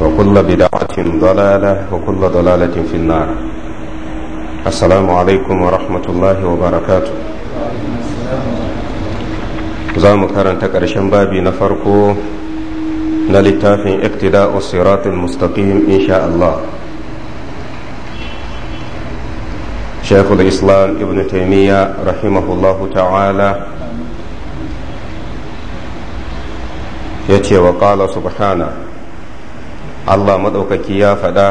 وكل بدعة ضلالة وكل ضلالة في النار السلام عليكم ورحمة الله وبركاته za mu karanta ƙarshen babi na farko na littafin iktida siratul mustaqim insha Allah shekul islam ibn taimiyya rahimahullahu ta'ala ya ce wa ƙala subhana Allah maɗaukaki ya faɗa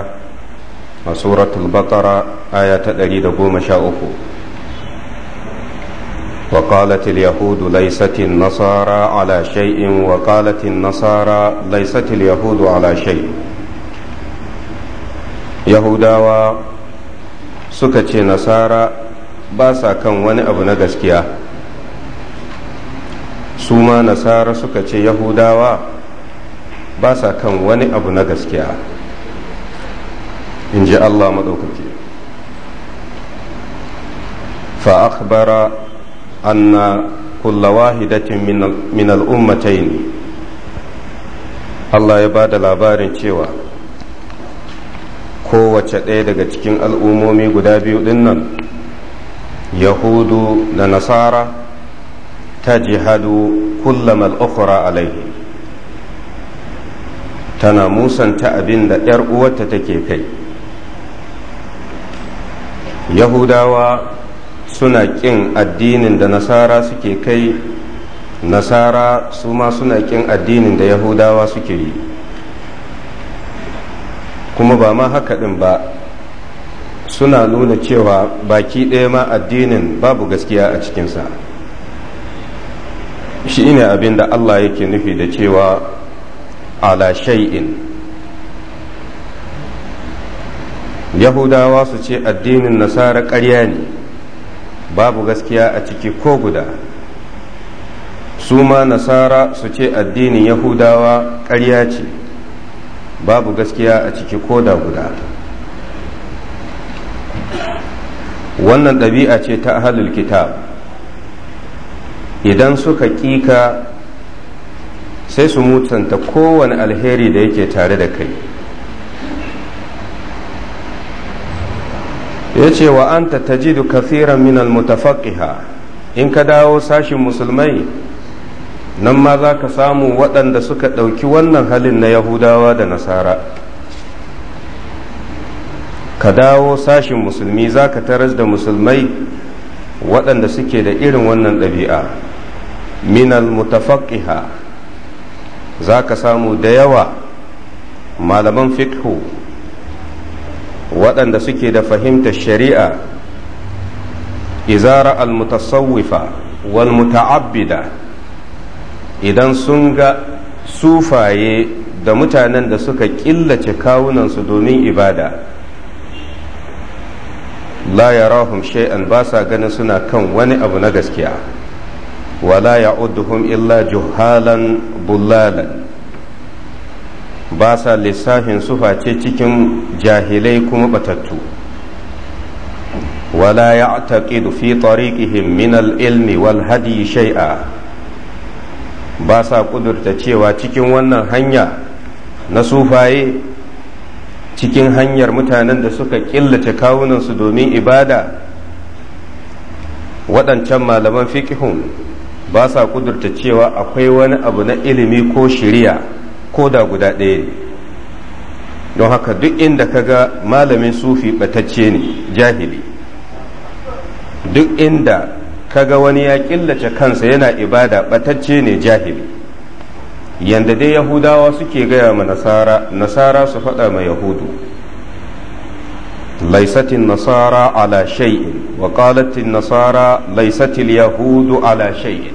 a suratul baqara aya ta 113 وقالت اليهود ليست النصارى على شيء وقالت النصارى ليست اليهود على شيء يهوداوا suka ce nasara ba sa kan wani abu na gaskiya su ma nasara suka ce yahudawa ba sa kan wani abu na gaskiya in ji Allah maɗaukaki fa an anna kula wahidatin min ne. Allah ya ba da labarin cewa kowace ɗaya daga cikin al'ummomi guda biyu ɗin nan yahudu da nasara ta jihadu kullum al'ukura alaihi tana musanta abin da ‘yar uwarta take kai yahudawa suna ƙin addinin da nasara suke kai nasara su ma suna ƙin addinin da yahudawa suke yi kuma ba ma haka ɗin ba suna nuna cewa baki ɗaya ma addinin babu gaskiya a cikinsa shi ne abin da allah yake nufi da cewa ala shay'in yahudawa su ce addinin nasara ƙarya ne babu gaskiya a ciki ko guda su ma nasara su ce addinin yahudawa ƙarya ce babu gaskiya a ciki ko da guda wannan ɗabi'a ce ta ahalul kitab idan suka ƙika sai su mutanta kowane alheri da yake tare da kai ya ce wa an da kathiran min almutafaqiha in ka dawo sashin musulmai nan ma za ka samu waɗanda suka ɗauki wannan halin na yahudawa da nasara ka dawo sashin musulmi za ka taras da musulmai waɗanda suke da irin wannan ɗabi'a minal mutafaqiha za ka samu da yawa malaman fikhu waɗanda suke da fahimtar shari'a izara almutasawwifa wal muta'abbida idan sun ga sufaye da mutanen da suka killace kawunansu domin ibada la yarahum shay'an ba sa ganin suna kan wani abu na gaskiya wala ya'udduhum illa juhalan bullalan ba sa lissafin su face cikin jahilai kuma batattu wala ya'taqidu fi tariqihim min al-ilmi wal hadi shay'a ba sa kudurta cewa cikin wannan hanya na sufaye cikin hanyar mutanen da suka killace kawunansu domin ibada waɗancan malaman fiqihun ba sa kudurta cewa akwai wani abu na ilimi ko shiriya ko da guda ɗaya ne don haka duk inda ka ga malamin sufi batacce ne jahili duk inda ka ga wani ya killace kansa yana ibada batacce ne jahili yanda dai yahudawa suke gaya ma nasara nasara su faɗa ma yahudu ليست النصارى على شيء nasara النصارى ليست اليهود على شيء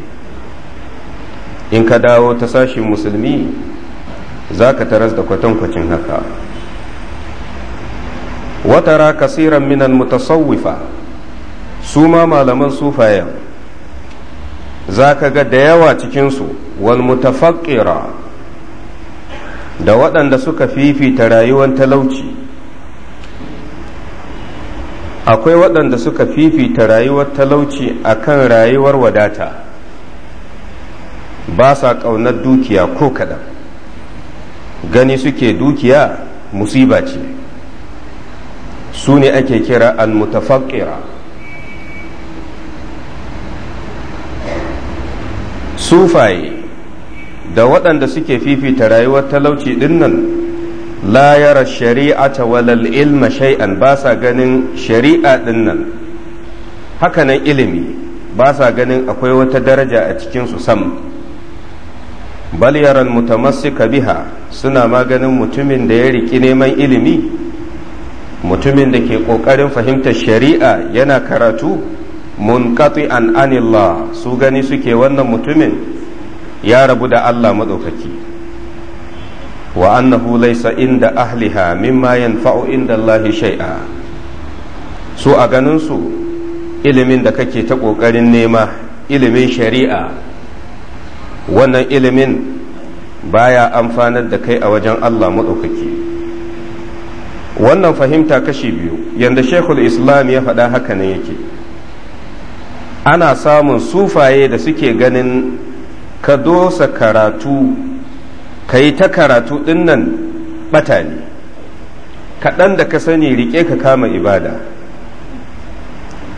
in ka dawo ta sashin musulmi za ka taras da kwatankwacin haka Wata watara kasiran minan mutasawwifa su ma malaman sufayen za ka ga da yawa cikinsu wal mutafakira da waɗanda suka fifita rayuwar talauci akwai waɗanda suka fifita rayuwar talauci akan rayuwar wadata ba sa ƙaunar dukiya ko kaɗan gani suke dukiya musiba ce su ne ake kira al-mutafaqira sufaye da waɗanda suke fifita rayuwar talauci dinnan la yara ta walal ilma shay'an ba sa ganin shari'a dinnan hakanan ilimi ba sa ganin akwai wata daraja a cikinsu sam bal yaran mutamassika biha suna maganin mutumin da ya riki neman ilimi mutumin da ke ƙoƙarin fahimtar shari'a yana karatu munqati an anillah su gani suke wannan mutumin ya rabu da Allah madaukaki wa annahu laysa inda ahliha mimma yanfa'u inda Allah shay'a su a ganin su ilimin da kake ta ƙoƙarin nema ilimin shari'a wannan ilimin baya amfanar da kai a wajen Allah maɗaukaki wannan fahimta kashi biyu yadda shekul islam ya faɗa haka ne yake ana samun sufaye da suke ganin ka dosa karatu ka yi ta karatu ɗinnan ɓata ne kaɗan da ka sani rike ka kama ibada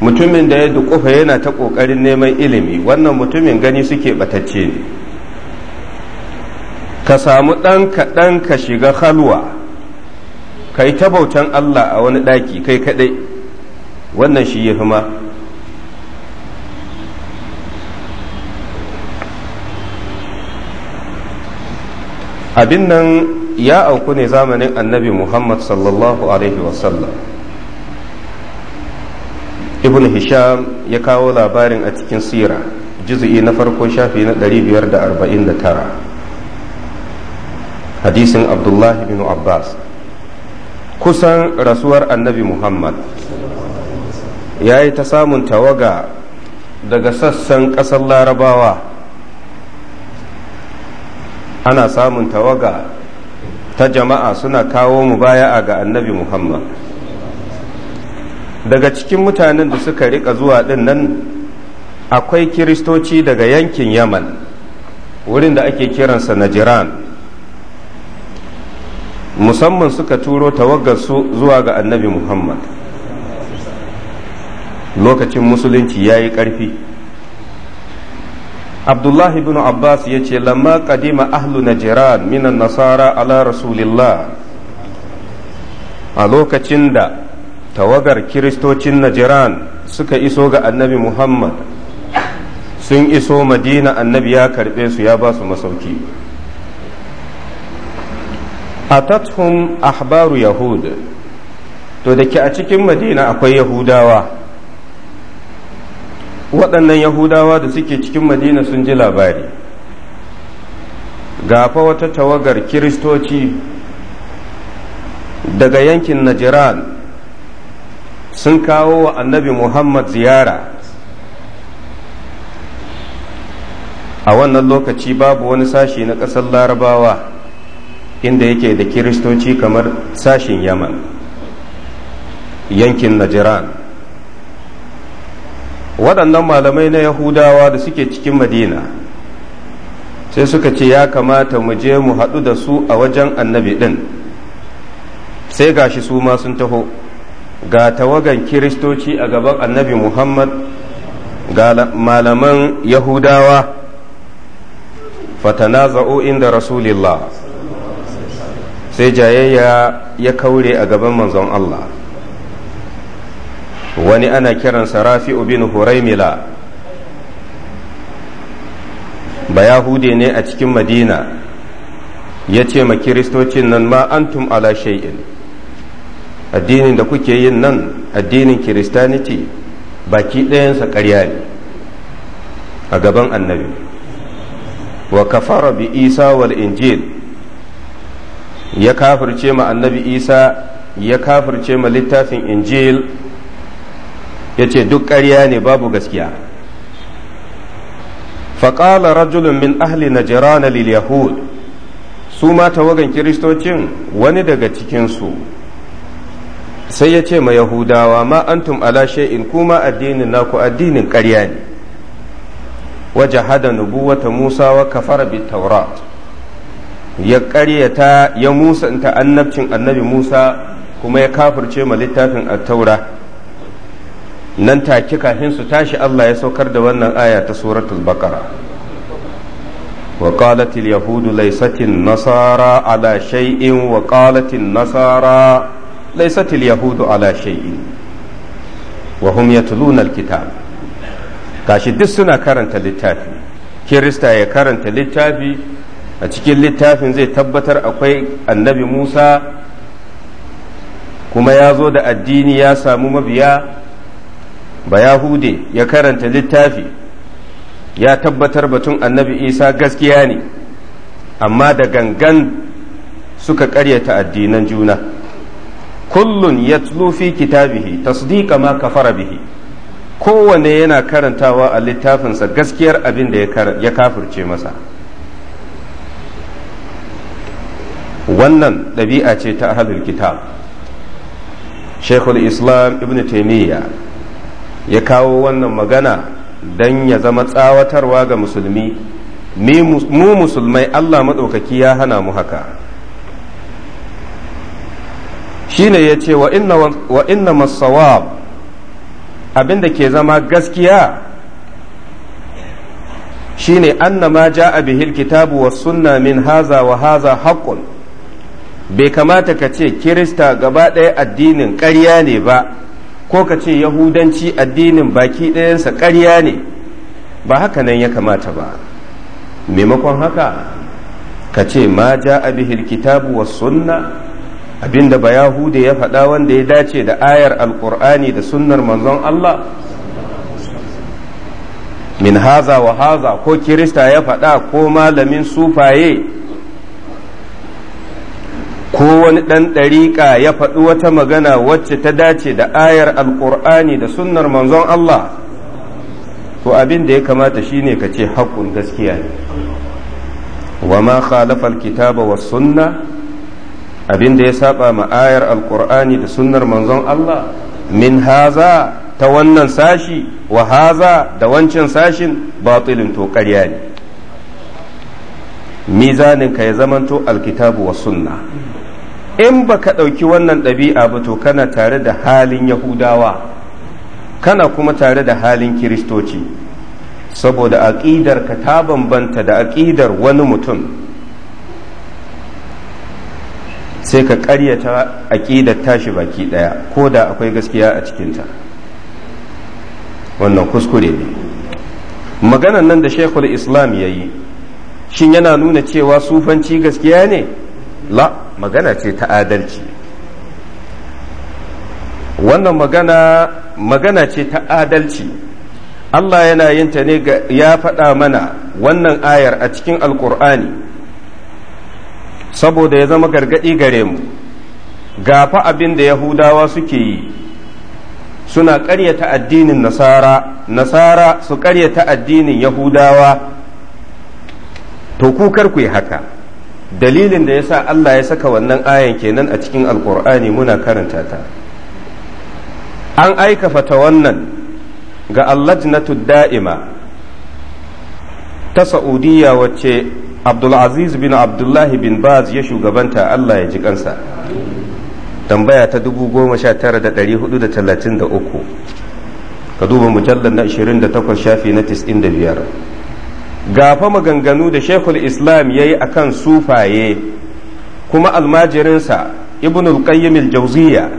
mutumin da ya dukufa yana ta ƙoƙarin neman ilimi wannan mutumin gani suke batacce ne ka samu ɗan kaɗan ka shiga halwa ka yi ta bautan Allah a wani ɗaki kai kaɗai wannan shi ya ma abin nan ya auku ne zamanin annabi muhammad sallallahu alaihi wasallam ibn hisham ya kawo labarin a cikin sira juzu'i na farko shafi na 549 hadisin abdullahi bin abbas kusan rasuwar annabi muhammad ya yi ta samun tawaga daga sassan ƙasar larabawa ana samun tawaga ta jama'a suna kawo mu baya ga annabi muhammad daga cikin mutanen da suka riƙa zuwa din nan akwai kiristoci daga yankin yaman wurin da ake kiransa najiran musamman suka turo tawaggarsu zuwa ga annabi muhammad lokacin musulunci ya yi ƙarfi abdullahi bin abbas ya ce lamma kadima ahlu najiran minan nasara ala rasulillah a lokacin da tawagar kiristocin najiran suka iso ga annabi muhammad sun iso madina annabi ya karɓe su ya ba su masauki Tathun ahbaru yahud to da ke a cikin madina akwai yahudawa waɗannan yahudawa da suke cikin madina sun ji labari gafa wata tawagar kiristoci daga yankin najiran sun kawo wa annabi muhammad ziyara a wannan lokaci babu wani sashi na ƙasar larabawa inda yake da kiristoci kamar sashin yaman yankin najiran waɗannan malamai na yahudawa da suke cikin madina sai suka ce ya kamata mu je mu haɗu da su a wajen annabi ɗin sai gashi su ma sun taho ga tawagan kiristoci a gaban annabi muhammad ga malaman yahudawa fatana za'o inda rasulillah sai jayayya ya kaure a gaban manzon allah wani ana kiran Sarafi bin huraimila ba yahude ne a cikin madina ya ce ma kiristocin nan ma antum ala shay'in addinin da kuke yin nan addinin kiristaniti baki ɗayansa ƙarya ne a gaban annabi wa kafara bi isa wal injil ya kafirce ma annabi isa ya kafirce ma littafin injil ya ce duk ƙarya ne babu gaskiya faƙala رجل min ahli نجران لليهود سوما su كريستوتين tawagan kiristocin wani daga cikinsu sai ya ce ma yahudawa ma antum ala shay'in kuma addinin naku addinin ƙarya ne hada nubuwata musa wa kafara bi taurat ya ƙaryata ya musanta annabcin annabi musa kuma ya kafirce ma littafin attaura nan take kafin su tashi allah ya saukar da wannan aya ta suratul baqara وقالت اليهود ليست النصارى على شيء وقالت النصارى laisatil yahudu ala shay'in wa hum yatluna alkitab gashi duk suna karanta littafi kirista ya karanta littafi a cikin littafin zai tabbatar akwai annabi Musa kuma ya zo da addini ya samu mabiya ba yahude ya karanta littafi ya tabbatar batun annabi isa gaskiya ne amma da gangan suka karyata addinan juna kullun ya fi kitabihi tasdiqa ma kafara bihi kowane yana karantawa a littafinsa gaskiyar abin da ya kafirce masa wannan ɗabi'a ce ta ahlul kitab shekul islam ibn taimiyya ya kawo wannan magana don ya zama tsawatarwa ga musulmi mu musulmai allah maɗaukaki ya hana mu haka shine ya ce wa inna masawab abin ke zama gaskiya shine anna ma ja a bihil kitabu wa sunna min haza wa haza haqqun bai kamata ka ce kirista gaba ɗaya addinin ƙarya ne ba ko ka ce yahudanci addinin baki ɗayansa ƙarya ne ba haka nan ya kamata ba maimakon haka ka ce ma ja a bihil kitabu wa sunna abinda ba yahude ya faɗa wanda ya dace da ayar alkur'ani da sunnar manzon Allah min haza wa haza ko kirista ya faɗa ko malamin sufaye ko wani ɗan ɗariƙa ya faɗi wata magana wacce ta dace da ayar alƙur'ani da sunnar manzon Allah to abin da ya kamata shine ka ce haƙƙun gaskiya ne wa ma khalafa alkitaba was sunna abin da ya saba ma ayar alkur'ani da sunnar manzon Allah min haza ta wannan sashi wa haza da wancan sashin batilin to ƙarya ne mizaninka ya zamanto alkitabu wa sunna in ba ka ɗauki wannan ɗabi'a ba to kana tare da halin yahudawa kana kuma tare da halin kiristoci saboda aƙidar ka ta bambanta da aƙidar wani mutum sai ka ƙaryata aƙidar tashi baki ɗaya ko da akwai gaskiya a cikinta wannan kuskure ne maganan nan da shekul islam ya yi shin yana nuna cewa sufanci gaskiya ne la magana ce ta adalci wannan magana magana ce ta adalci Allah yana yin ta ne ya faɗa mana wannan ayar a cikin alkur'ani saboda ya zama gargaɗi gare mu gafa abin da yahudawa suke yi suna ƙaryata addinin nasara nasara su ƙaryata addinin yahudawa to ku ku yi haka dalilin da yasa Allah ya saka wannan ayan kenan a cikin alkur'ani muna karanta ta an aika fata wannan ga allajnatu da'ima ta sa'udiyya wacce abdulaziz bin abdullahi bin baz ya shugabanta allah ya ji kansa tambaya ta 19433 ka duba mujallar na 28 shafi na 95 gafa maganganu da shekul islam ya yi a kan sufaye kuma almajirinsa ibn al-qayyim jauziya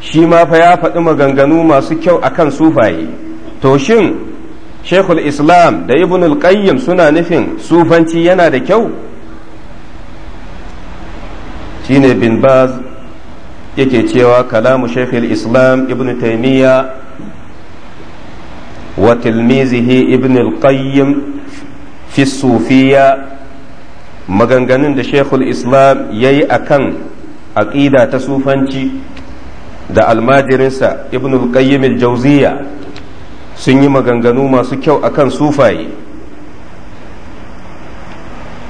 shi ma fa ya faɗi maganganu masu kyau a kan sufaye to shin shekul islam da ibn suna nufin sufanci yana da kyau shine bin baz yake cewa kalamu shekul islam ibn Taymiya wa tilmizihi ibn fi sufiya maganganun da shekul islam ya yi a kan aƙida ta sufanci da almajirinsa ibn qayyim jauziya sun yi maganganu masu kyau a kan sufaye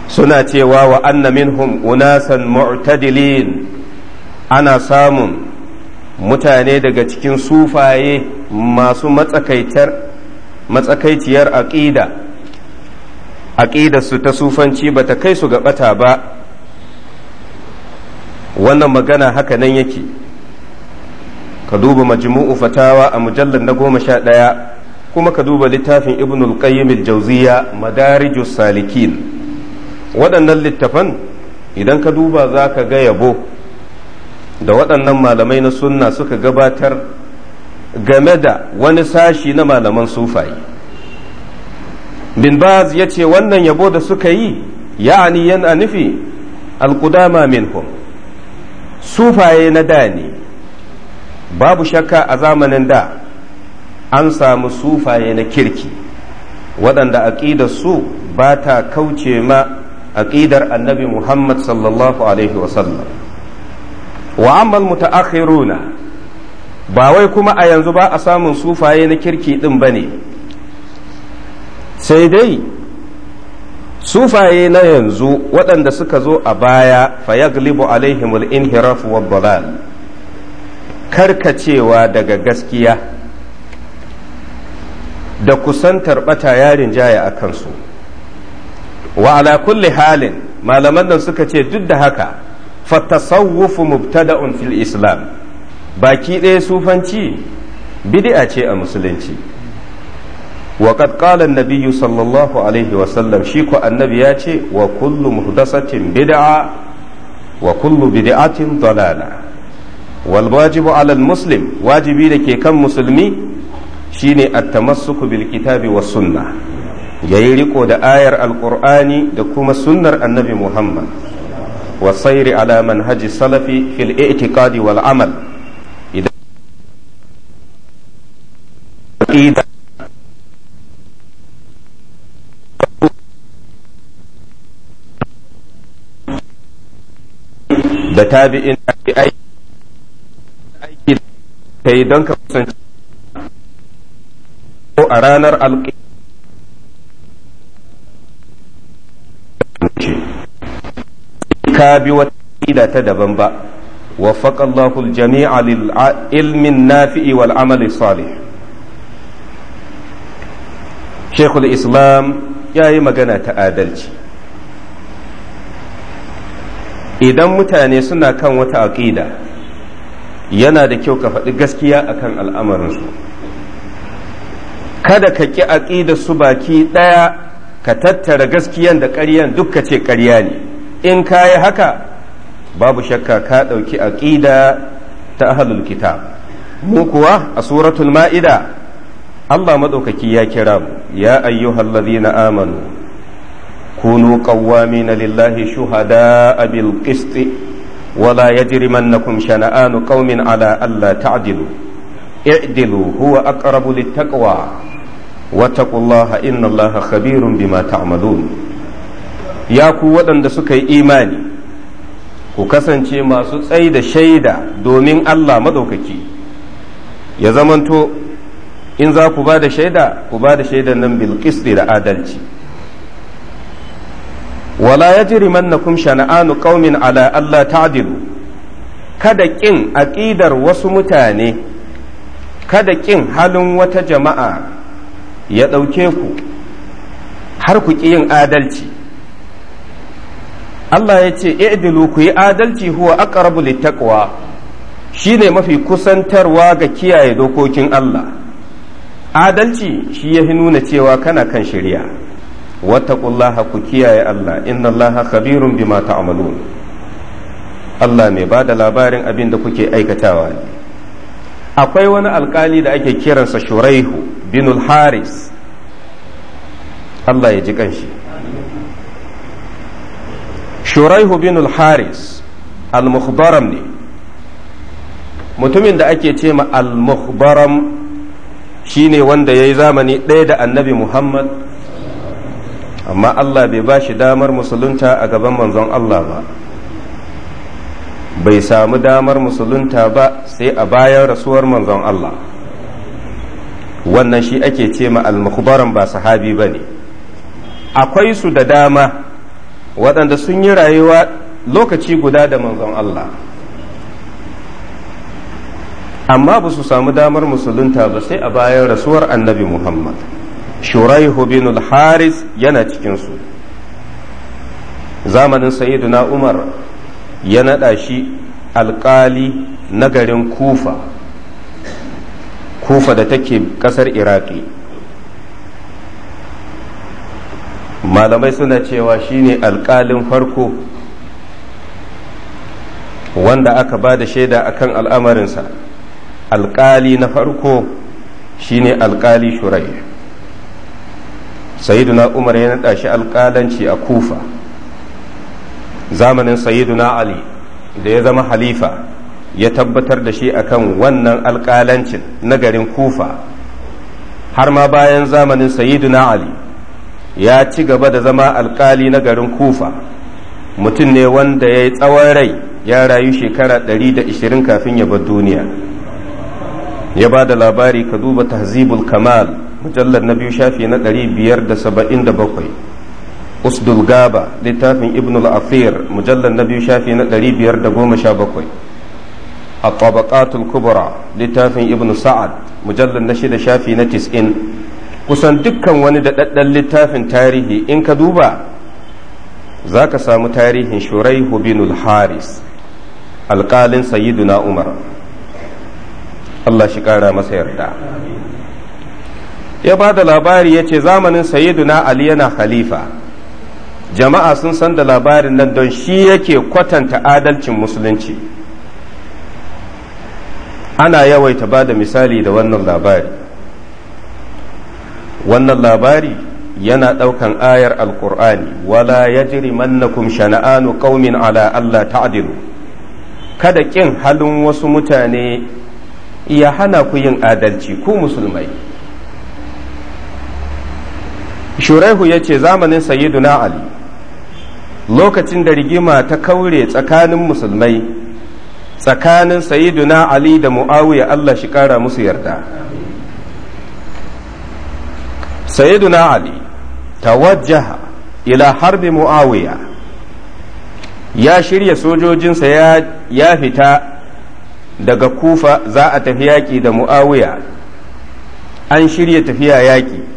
suna cewa wa anna minhum unasan mu'tadilin ana samun mutane daga cikin sufaye masu matsakaiciyar aƙida aƙidarsu ta sufanci ba ta kai su ga ɓata ba wannan magana haka nan yake ka duba majmu'u fatawa a mujallar na goma sha ɗaya kuma ka duba littafin ibn al-qayyim al-jawziya madarijus salikin waɗannan littafan idan ka duba za ka ga yabo da waɗannan malamai na sunna suka gabatar game da wani sashi na malaman sufaye bin baz ya ce wannan yabo da suka yi ya'ani yana nufi alkudama minhum sufaye na da ne babu shakka a zamanin da an samu sufaye na kirki waɗanda aƙidar su ba ta kauce ma aƙidar annabi muhammad sallallahu alaihi wasallam wa ammal mutaakhiruna ba wai kuma a yanzu ba a samun sufaye na kirki ɗin ba ne sai dai sufaye na yanzu waɗanda suka zo a baya fayaglibu alaihimul inhiraf wa karkacewa daga gaskiya da kusantar bata yarin jaya a kansu wa ala kulli halin malaman nan suka ce duk da haka fatasawwufu mubtada'un fil islam baki ɗaya sufanci bid'a ce a musulunci wa qad qala an sallallahu alaihi wa sallam shi ko annabi ya ce wa kullu muhdasatin bid'a wa kullu bid'atin dalala wal wajibu ala al muslim wajibi da ke kan musulmi shine at-tamassuku bil kitabi was sunna yayi riko da ayar alqur'ani da kuma sunnar annabi Muhammad wa sayri ala manhaji salafi fil i'tiqadi wal amal idan da tabi'in aiki da kai don ka kusanci a ranar alƙi ka bi wata ƙida ta daban ba وفق الله الجميع للعلم النافع والعمل الصالح شيخ الإسلام yi magana ta adalci. idan mutane suna kan wata aƙida yana da kyau ka faɗi gaskiya akan al'amarinsu kada ka ƙi aƙida su baki ɗaya ka tattara gaskiyan da ƙaryan duk ka ce ƙarya ne in ka yi haka babu shakka ka ɗauki aƙida ta ahlul kitab mu kuwa a suratul ma'ida Allah maɗaukaki ya kira mu ya ayyuhallazina amanu kunu qawwamina lillahi shuhada bil qist wala yajrimannakum shana'anu qaumin ala alla ta'dilu i'dilu huwa aqrabu littaqwa wattaqullaha innallaha khabirun bima ta'malun ya ku waɗanda suka yi imani ku kasance masu tsayi da shaida domin Allah madaukaki ya zamanto in za ku ba da shaida ku ba da shaida nan bil da adalci wala yajrimannakum shana'anu qaumin ala allah ta'dilu kada ƙin aƙidar wasu mutane kada ƙin halin wata jama'a ya ɗauke ku har ku ƙi yin adalci Allah ya ce i'dilu ku yi adalci huwa aqrabu shi ne mafi kusantarwa ga kiyaye dokokin Allah adalci shi ya nuna cewa kana kan shirya. Wata ƙullaha ku kiyaye Allah inna innallaha khabirun bima ta'malun Allah mai ba da labarin abin da kuke aikatawa ne akwai wani alkali da ake kiransa shuraihu binul haris Allah ya ji kanshi shuraihu binul haris al ne mutumin da ake ce ma al-mukhbaram shine wanda ya yi zamani ɗaya da annabi muhammad amma Allah bai ba shi damar musulunta a gaban manzon Allah ba bai samu damar musulunta ba sai a bayan rasuwar manzon Allah wannan shi ake ce ma mukhbaran ba sahabi ba ne akwai su da dama waɗanda sun yi rayuwa lokaci guda da manzon Allah amma ba su samu damar musulunta ba sai a bayan rasuwar annabi Muhammad shuraihu bin haris yana cikinsu zamanin sayyiduna Umar ya naɗa shi alƙali na garin kufa kufa da take ƙasar iraki malamai suna cewa shine alƙalin farko wanda aka ba da shaida akan al'amarinsa alƙali na farko shine alƙali shurai na umar ya naɗa shi alƙalanci a kufa zamanin sayyiduna ali da ya zama halifa ya tabbatar da shi akan wannan alkalancin na garin kufa har ma bayan zamanin sayyiduna ali ya ci gaba da zama alƙali na garin kufa mutum ne wanda ya yi tsawon rai ya rayu shekara 120 kafin ya bar duniya ya ba da labari ka duba tahzibul kamal mujallar na biyu shafi na 577 usdul gaba littafin ibn al-afir mujallar na biyu shafi na 517 a tabaqatul kubra littafin ibn sa'ad mujallar na shida shafi na 90 kusan dukkan wani daɗaɗɗen littafin tarihi in ka duba za ka samu tarihin shuraihu bin haris alƙalin sayyiduna umar Allah shi ƙara masa yarda ya ba da labari ya ce zamanin sayyiduna ali yana khalifa jama'a sun san da labarin nan don shi yake kwatanta adalcin musulunci ana yawaita ba da misali da wannan labari wannan labari yana ɗaukan ayar alkur'ani wala ya jiri mannakum shana'anu ƙaumin ala Allah ta'dilu kada ƙin halin wasu mutane ya hana ku yin adalci ku musulmai shuraihu ya ce zamanin sayyiduna ali lokacin da rigima ta kaure tsakanin musulmai tsakanin sayiduna ali da mu'awiya Allah shi kara musu yarda sayiduna ali tawajjaha ila harbi mu'awiya ya shirya sojojinsa ya fita daga kufa za a tafi yaƙi da mu'awiya an shirya tafiya yaƙi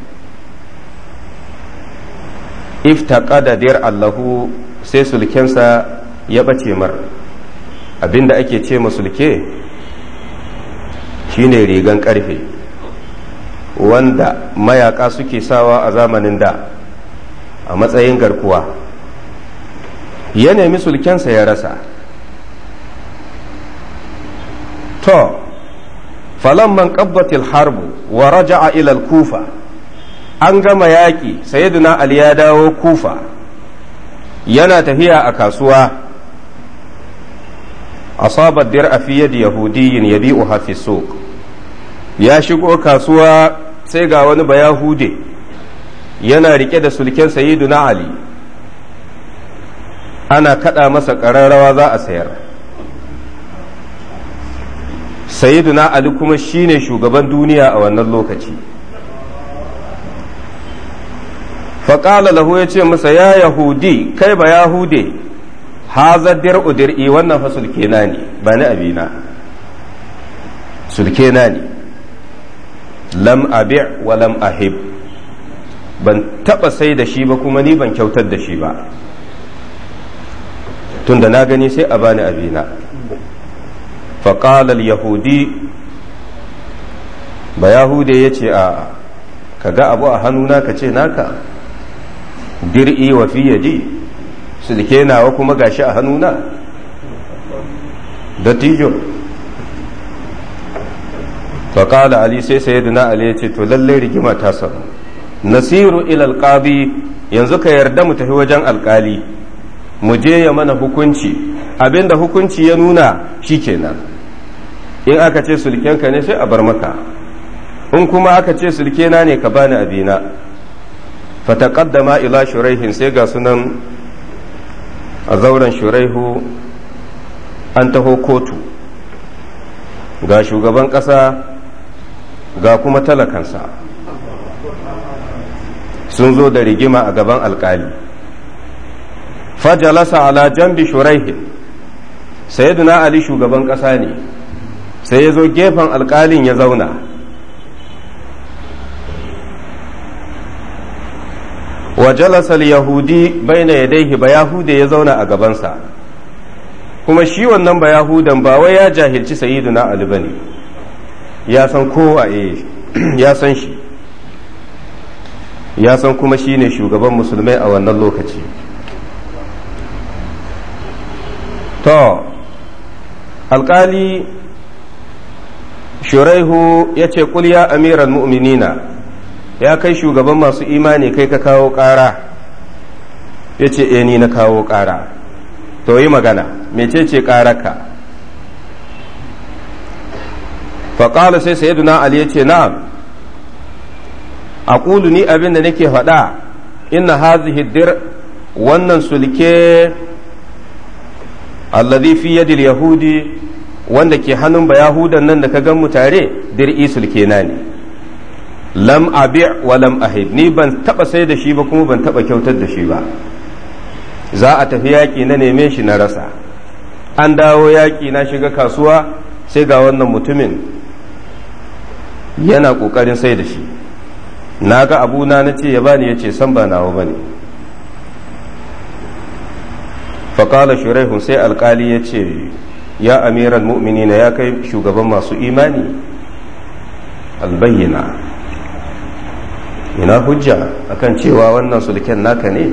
iftaqada dir allahu sai sulkensa ya ɓace mar abinda ake ce ma sulke shine rigan karfe wanda mayaka suke sawa a zamanin da a matsayin garkuwa ya nemi sulkensa ya rasa to falamman qabbatil harbu wa raja'a ila al-kufa an gama yaƙi sayyidina ali ya dawo kufa yana tafiya a kasuwa asabar dir'a fi yadi yahudiyin yabi'uha fi ya shigo kasuwa sai ga wani bayahude yana rike da sulken sayyiduna ali ana kada masa ƙararrawa za a sayar sayyiduna ali kuma shine shugaban duniya a wannan lokaci faƙala lahu ya ce masa ya yahudi kai ba yahude haza dir-u-dir-i wannan fa na ne ba ni abina na ne lam abi' wa lam ahib ban taɓa sai da shi ba kuma ni ban kyautar da shi ba tunda na gani sai a bani abina faƙalar yahudi ba yahude ya ce a ka ga abu a hannuna ka ce naka dir'i wa fi yadi sulke nawa kuma gashi a hannuna da tijo ali sai sayyidina ali ya ce to lallai rigima ta samu nasiru ilal qadi yanzu ka yarda mu tafi wajen alkali mu je ya mana hukunci abinda hukunci ya nuna shikenan in aka ce sulkenka ne sai a bar maka in kuma aka ce sulkena ne ka bani abina fataqaddama ila shuraihin sai ga sunan a zauren shuraihu an taho kotu ga shugaban ƙasa ga kuma talakansa sun zo da rigima a gaban alkali fajalasa ala jambi shuraihin sayyiduna ali shugaban ƙasa ne sai ya zo gefen alkalin ya zauna wa jalasal yahudi bayna yadayhi ba yahude ya zauna a gabansa kuma shi wannan ba yahudan ba wai ya jahilci sayyiduna ali bane ya san kowa eh ya san shi ya san kuma shi ne shugaban musulmai a wannan lokaci to alkali shuraihu ya ce ya amiran mu'minina ya kai shugaban masu imani kai ka kawo ƙara ya ce e ni na kawo ƙara to yi magana mecece ƙararka faƙala sai sayyiduna ali ya ce a aqulu ni abin da nake faɗa ina hazihi dir wannan sulke alladhi fi yadil yahudi wanda ke hannun ba yahudan nan da ka gan mu tare dir'i sulke na ne lam abi wa lam ahid ni ban taba sai da shi ba kuma ban taba kyautar da shi ba za a tafi yaƙi na neme shi na rasa an dawo yaƙi na shiga kasuwa sai ga wannan mutumin yana ƙoƙarin sai da shi na ga abuna na ce ya bani ya ce san ba nawa ba ne faƙala shuraihun sai alƙali ya ce ya amiran mu'minina ya kai shugaban masu imani albayyana ina hujja akan cewa wannan sulken naka ne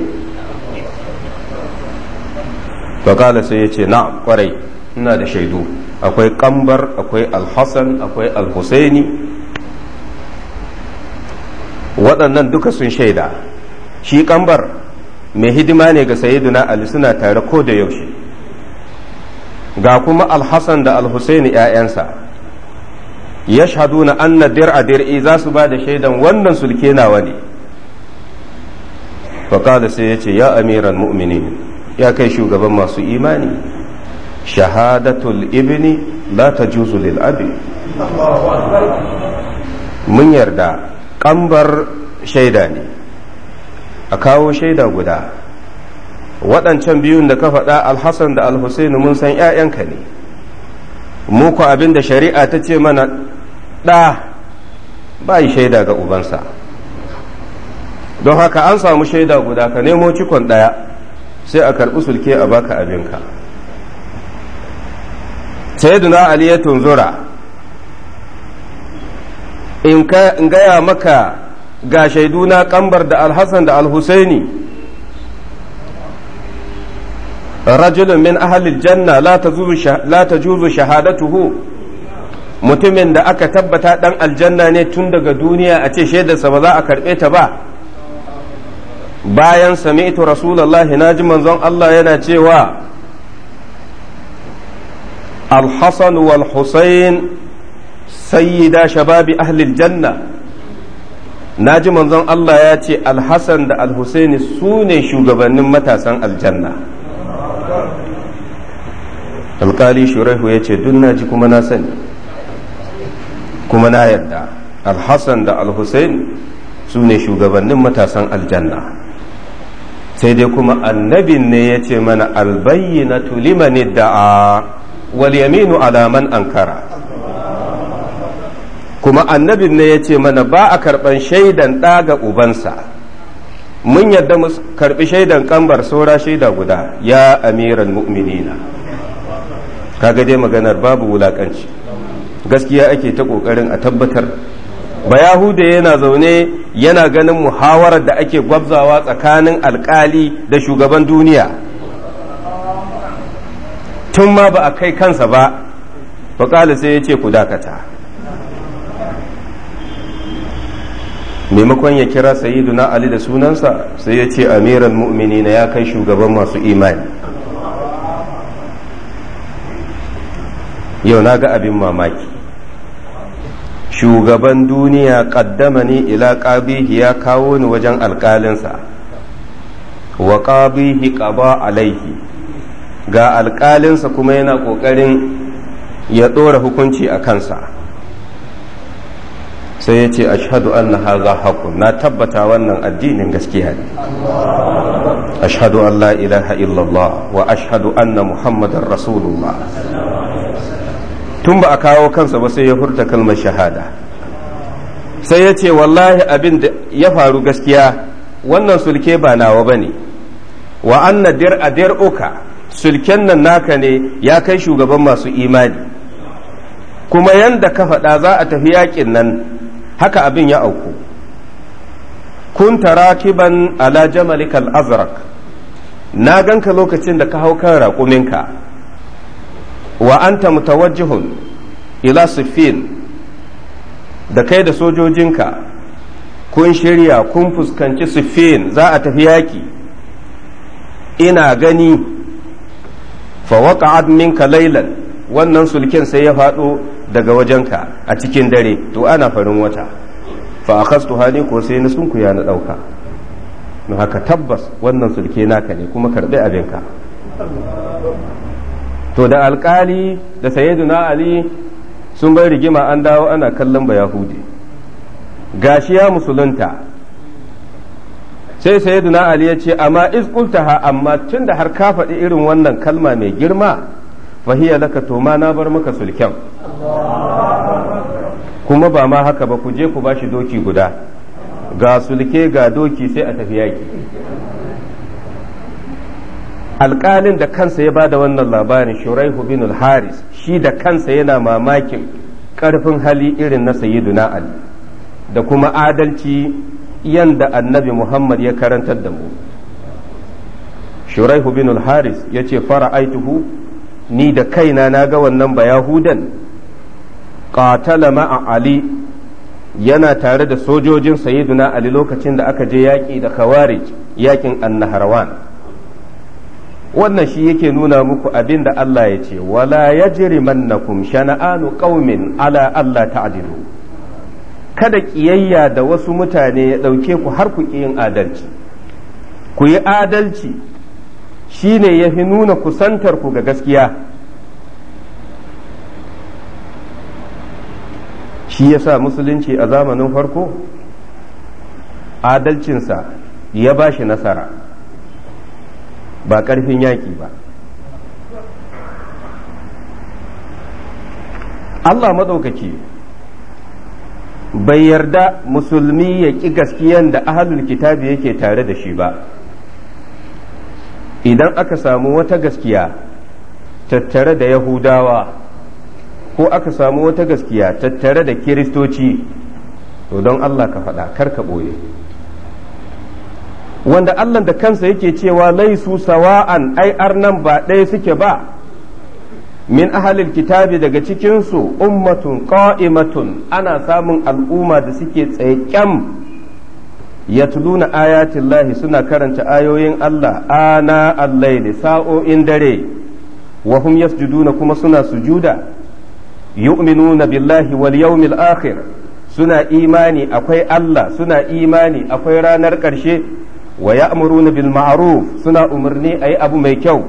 faƙala sai ya na kwarai ina da shaidu akwai kambar akwai alhassan akwai Alhussaini waɗannan duka sun shaida shi kambar mai hidima ne ga sayiduna ali suna tare ko da yaushe ga kuma alhassan da alhusaini 'ya'yansa yashhaduna anna dir'a dir'i za su ba da shaidan wannan sulke nawa ne qala sai yace ya amiran mu'minin ya kai shugaban masu imani shahadatul ibni la tajuzu lil abi mun yarda kambar shaida ne a kawo shaida guda waɗancan biyun da ka faɗa alhassan da alhussein mun san 'ya'yanka ne mu abinda shari'a ta ce mana ɗa ba yi shaida ga ubansa don haka an samu shaida guda ka nemo cikon ɗaya sai a karɓi sulke a baka abinka sai na ali ya tunzura in gaya maka ga shaiduna kambar da alhassan da Alhussaini. rajulun min ahalil janna la ta juzu shahadatuhu mutumin da aka tabbata dan aljanna ne tun daga duniya a ce shaidarsa ba za a karɓe ta ba bayan sami'tu rasulullahi na ji manzon Allah yana cewa alhassan wal husayn sayyida shababi ahlil janna na ji manzon Allah ya ce alhassan da alhusaini su ne shugabannin matasan aljanna alkali shuraihu ya ce duk na ji kuma na sani kuma na yarda alhassan da alhussein su ne shugabannin matasan aljanna sai dai kuma annabin ne ya ce mana albayyana tulimani da'a wal yaminu alaman ankara kuma annabin ne ya ce mana ba a karɓan shaidan ɗaga ubansa mun yadda mu karɓi shaidan kambar saura shaida guda ya amiran mu'minina kaga dai maganar babu wulaƙanci gaskiya ake ta kokarin a tabbatar ba yahuda yana zaune yana ganin muhawarar da ake gwabzawa tsakanin alkali da shugaban duniya tun ma ba a kai kansa ba faƙali sai ya ce ku dakata maimakon ya kira sayiduna ali da sunansa sai ya ce amiran na ya kai shugaban masu imani yau na ga abin mamaki shugaban duniya kaddama ni ila ƙabihi ya kawo ni wajen alƙalinsa wa ƙabihi ƙaba alaihi ga alƙalinsa kuma yana ƙoƙarin ya ɗora hukunci a kansa sai ya ce ashhadu an haza na tabbata wannan addinin gaskiya ne ashhadu an la ilaha illallah wa ashhadu anna muhammadar rasulullah tun ba a kawo kansa ba sai ya furta kalmar shahada sai ya ce wallahi abin da ya faru gaskiya wannan sulke ba nawa ba ne wa anna dir a dir uka sulken nan naka ne ya kai shugaban masu imani kuma yanda ka faɗa za a tafi yakin nan haka abin ya auku kun kiban ala jamalikal azrak na ganka lokacin da ka hau kan raƙuminka wa anta mutawajjihun ila da kai da sojojinka kun shirya kun fuskanci siffin za a tafi yaki ina gani fa waqa'at minka laylan wannan sulkin sai ya faɗo daga wajenka a cikin dare to ana farin wata fa akhastu hali ko sai na sunkuya na ɗauka don haka tabbas wannan sulke naka ne kuma karɓi abinka to da alkali da sayyiduna ali sun bai rigima an dawo ana kallon ba yahudi gashi ya musulunta sai sayyiduna ali ya ce amma iz qultaha amma tunda har ka faɗi irin wannan kalma mai girma fahiya laka to ma na bar maka sulken kuma ba ma haka ba ku je ku bashi doki guda ga sulke ga doki sai a tafi yaki alƙalin da kansa ya bada wannan labarin shuraihu bin al-haris shi da kansa yana mamakin ƙarfin hali irin na sayyiduna ali da kuma adalci yanda annabi muhammad ya karantar da mu shuraihu bin al-haris ya ce fara'aituhu ni da kaina na ga wannan bayahudan yahudan qatala ma'a ali yana tare da sojojin sayyiduna ali lokacin da aka je yaƙi da khawarij yaƙin annaharwan wannan shi yake nuna muku abin da Allah ya ce wala ya yajrimannakum shana'anu qaumin ala Allah ta'dilu kada kiyayya da wasu mutane ya dauke ku har ku yin adalci ku yi adalci shine yafi nuna kusantar ku ga gaskiya shi ya sa musulunci a zamanin farko adalcinsa ya ba shi nasara ba ƙarfin yaƙi ba Allah maɗaukaki bai yarda musulmi ya ƙi gaskiyan da ahalul kitabi yake tare da shi ba idan aka samu wata gaskiya tattare da yahudawa ko aka samu wata gaskiya tattare da kiristoci to don Allah ka faɗa kar ka ɓoye wanda Allah da kansa yake cewa laisu sawa'an ai arnan ba ɗaya suke ba min ahalil kitabi daga cikinsu ummatun qa'imatun ana samun al'umma da suke Ya yatluna ayatin lahi suna karanta ayoyin Allah ana allaili sa'o'in dare wa hum yasjuduna kuma suna sujuda yu'minuna billahi wal yawmil akhir suna imani akwai Allah suna imani akwai ranar ƙarshe wa ya'muruna bil ma'ruf suna umarni ayi abu mai kyau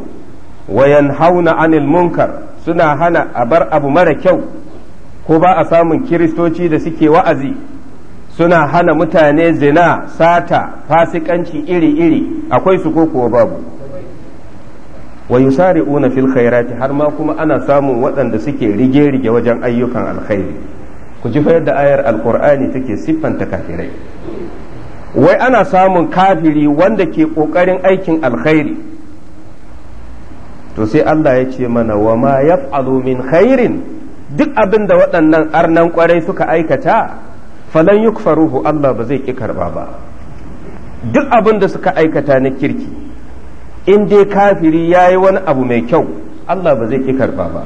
wa yanhauna 'anil munkar suna hana a bar abu mara kyau ko ba a samun kiristoci da suke wa'azi suna hana mutane zina sata fasikanci iri-iri akwai su ko kuwa babu wa yusari'una fil khairati har ma kuma ana samun waɗanda suke rige-rige wajen ayyukan alkhairi ku ji fa yadda ayar alkur'ani take siffanta kafirai wai ana samun kafiri wanda ke ƙoƙarin aikin alkhairi to sai Allah ya ce mana wa ma yaf'alu min khairin duk abin da waɗannan arnan ƙwarai suka aikata falan yukfaruhu Allah ba zai ƙi karba ba duk abin da suka aikata na kirki in dai kafiri ya yi wani abu mai kyau Allah ba zai ƙi karba ba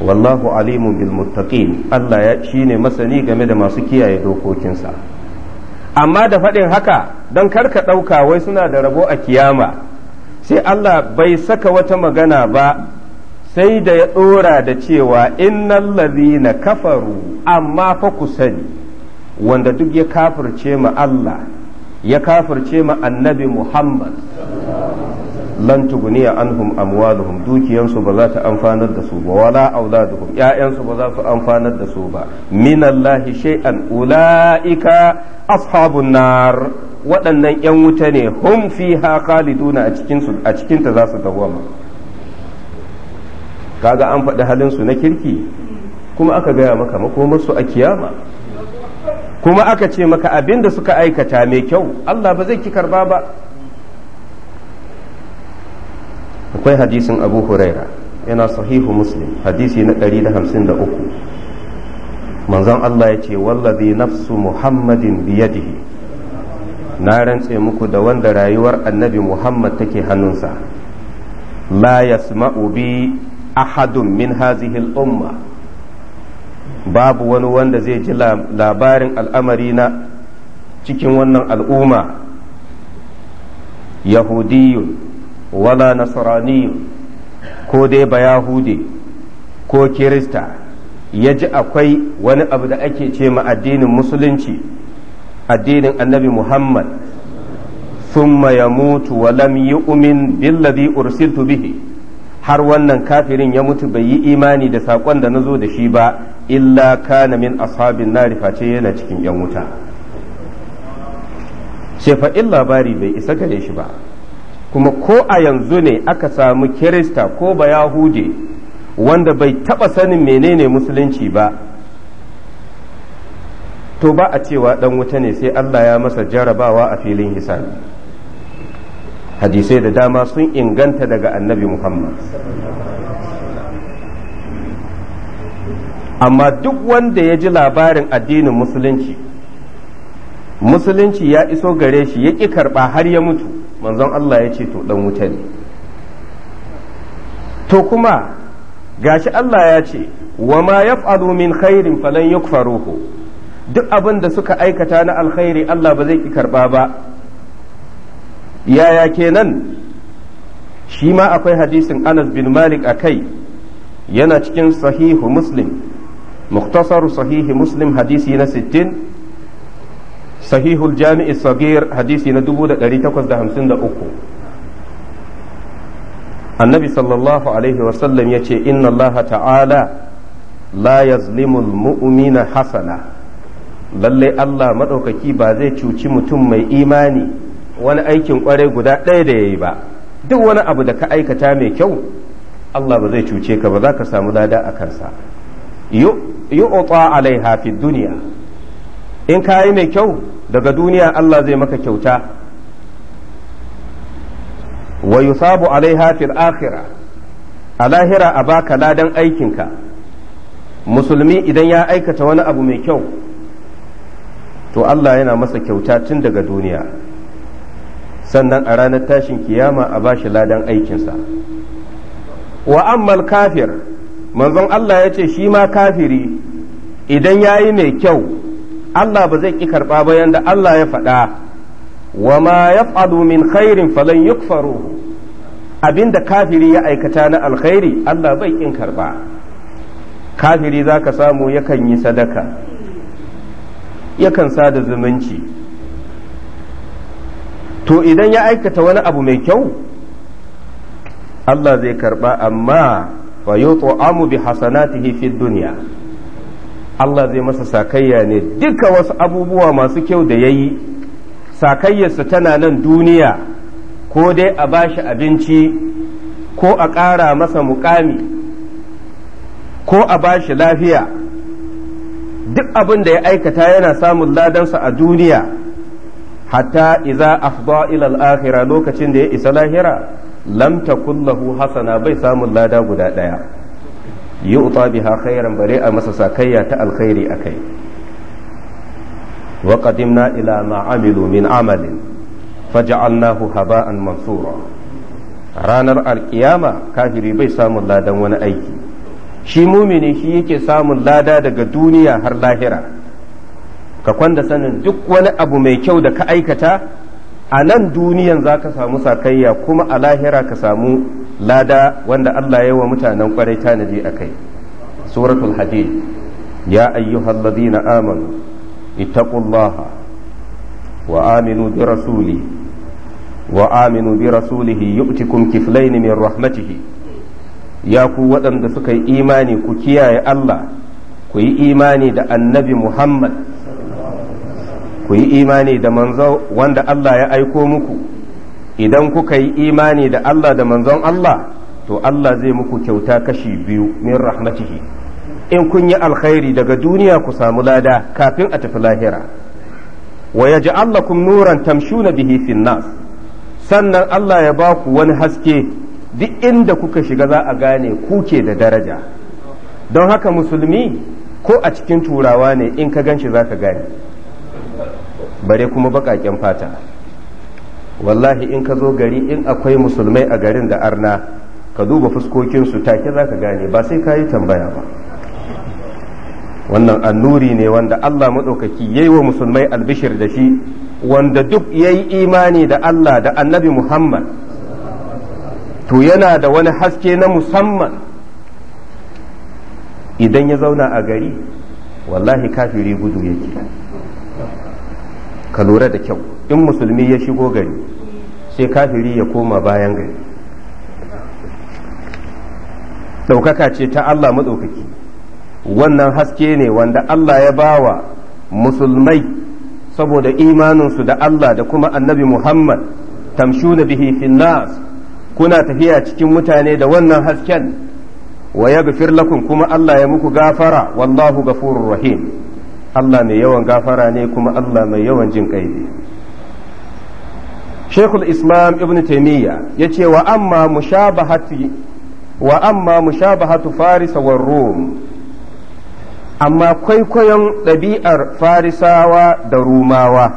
wallahu alimun bil muttaqin Allah ya shine masani game da masu kiyaye dokokinsa amma da faɗin haka don karka ɗauka wai suna da rabo a kiyama sai Allah bai saka wata magana ba sai da ya ɗora da cewa innal na kafaru amma fa ku sani wanda duk ya kafirce ma Allah ya kafirce ma annabi Muhammad lan tuguniya anhum amwaluhum dukiyansu ba za ta amfanar da su ba wala auladuhum ƴaƴansu ba za su amfanar da su ba minallahi shay'an ulaika ashabun nar waɗannan ƴan wuta ne hum fiha khaliduna a cikin su a cikin ta za su dawwama kaga an faɗi halin su na kirki kuma aka gaya maka makomarsu a kiyama kuma aka ce maka abinda suka aikata mai kyau Allah ba zai ki karba ba akwai hadisin abu huraira yana sahihu muslim hadisi na 153 manzon Allah ya ce wallazi nafsu muhammadin biyadihi na rantse muku da wanda rayuwar annabi muhammad take hannunsa la yasma'u bi ahadun min hazihi umma babu wani wanda zai ji labarin al'amari na cikin wannan al'umma yahudiyun wala nasrani ko dai ba yahudi ko kirista ya ji akwai wani abu da ake ce ma addinin musulunci addinin annabi muhammad thumma ya mutu wa lam yu'min billadhi ursiltu bihi har wannan kafirin ya mutu bai yi imani da saƙon da na zo da shi ba illa kana min ashabin nari face yana cikin 'yan wuta shefa illa in labari bai isa gare shi ba kuma ko a yanzu ne aka samu kirista ko ba yahude wanda bai taɓa sanin menene musulunci ba to ba a cewa ɗan wuta ne sai Allah ya masa jarabawa a filin hisan hadisai da dama sun inganta daga annabi Muhammad amma duk wanda ya ji labarin addinin musulunci musulunci ya iso gare shi ya ƙi karɓa har ya mutu manzon Allah ya ce to dan wuta ne to kuma gashi Allah ya ce wa ma yaf'alu min khairin falan yukfaruhu duk abin da suka aikata na alkhairi Allah ba zai ki karba ba yaya kenan shi ma akwai hadisin Anas bin Malik akai yana cikin sahihu Muslim muktasar sahihi Muslim hadisi na sittin. sahihul jami'i sagir hadisi na 1853 annabi sallallahu alaihi wasallam ya ce inna Allah ta'ala la yazlimul mu'mina hasana lallai Allah maɗaukaki ba zai cuci mutum mai imani wani aikin ƙwarai guda ɗaya da ya yi ba duk wani abu da ka aikata mai kyau Allah ba zai cuce ka ba za ka samu lada a kansa yu'ta alaiha hafi duniya in ka yi mai kyau daga duniya Allah zai maka kyauta wa yusabu alaiha fil akhirah a lahira a baka ladan aikinka musulmi idan ya aikata wani abu mai kyau to Allah yana masa kyauta tun daga duniya sannan a ranar tashin kiyama a bashi ladan aikinsa wa ammal kafir manzon Allah ya ce shi ma kafiri idan ya yi mai kyau Allah ba zai ƙi karɓa ba yanda Allah ya faɗa wa ma yaf'alu min khairin falan yukfaru abinda kafiri ya aikata na alkhairi Allah bai ƙin karɓa kafiri zaka samu yakan yi sadaka yakan sada zumunci to idan ya aikata wani abu mai kyau Allah zai karɓa amma fa yutu'amu bi hasanatihi fid duniya. Allah zai masa sakayya ne duka wasu abubuwa masu kyau da ya yi sakayyarsa tana nan duniya ko dai a bashi abinci ko a ƙara masa mukami ko a bashi lafiya duk abin da ya aikata yana samun ladansa a duniya hatta iza afda ila al-akhirah lokacin da ya isa lahira lam takullahu hasana bai samun lada guda ɗaya yu'ta biha khairan bare a masa sakayya ta alkhairi akai wa qadimna ila ma amilu min amalin faj'alnahu haba'an mansura ranar alkiyama kafiri bai samun ladan wani aiki shi mumini shi yake samun lada daga duniya har lahira ka kwanda sanin duk wani abu mai kyau da ka aikata a nan duniyan za ka samu sakayya kuma a lahira ka samu lada wanda Allah ya yi wa mutanen kwarai tanadi a kai suratul hadid ya ayyuhal ladina amanu ittaqullaha wa aminu bi rasuli wa aminu bi rasulihi yu'tikum kiflayn min rahmatihi ya ku waɗanda suka yi imani ku kiyaye Allah ku yi imani da annabi Muhammad ku yi imani da manzo wanda Allah ya aiko muku idan kuka yi imani da Allah da manzon Allah to Allah zai muku kyauta kashi biyu min rahmatihi in kun yi alkhairi daga duniya ku samu lada kafin a tafi lahira wa Allah lakum nuran tamshuna bihi fin nas sannan Allah ya ba ku wani haske duk inda kuka shiga za a gane kuke da daraja don haka musulmi ko a cikin turawa ne in ka ganshi za ka gane bare kuma baƙaƙen fata wallahi in ka zo gari in akwai musulmai a garin da arna ka duba fuskokinsu take za ka gane ba sai ka yi tambaya ba wannan annuri ne wanda Allah maɗaukaki ya yi wa musulmai albishir da shi wanda duk ya yi imani da Allah da annabi Muhammad to yana da wani haske na musamman idan ya zauna a gari wallahi kafiri gudu yake ka lura da kyau in musulmi ya shigo gari sai kafiri ya koma bayan gari ɗaukaka ce ta Allah maɗaukaki wannan haske ne wanda Allah ya bawa musulmai saboda imaninsu da Allah da kuma annabi Muhammad tamshu na bihi fin nas kuna tafiya cikin mutane da wannan hasken wa ya kuma Allah ya muku gafara wallahu gafurur rahim Allah mai yawan gafara ne kuma Allah mai yawan jin kai shekul islam ibn taimiyya ya ce wa amma mushabahati wa amma farisa wa rum amma kwaikwayon ɗabi'ar farisawa da rumawa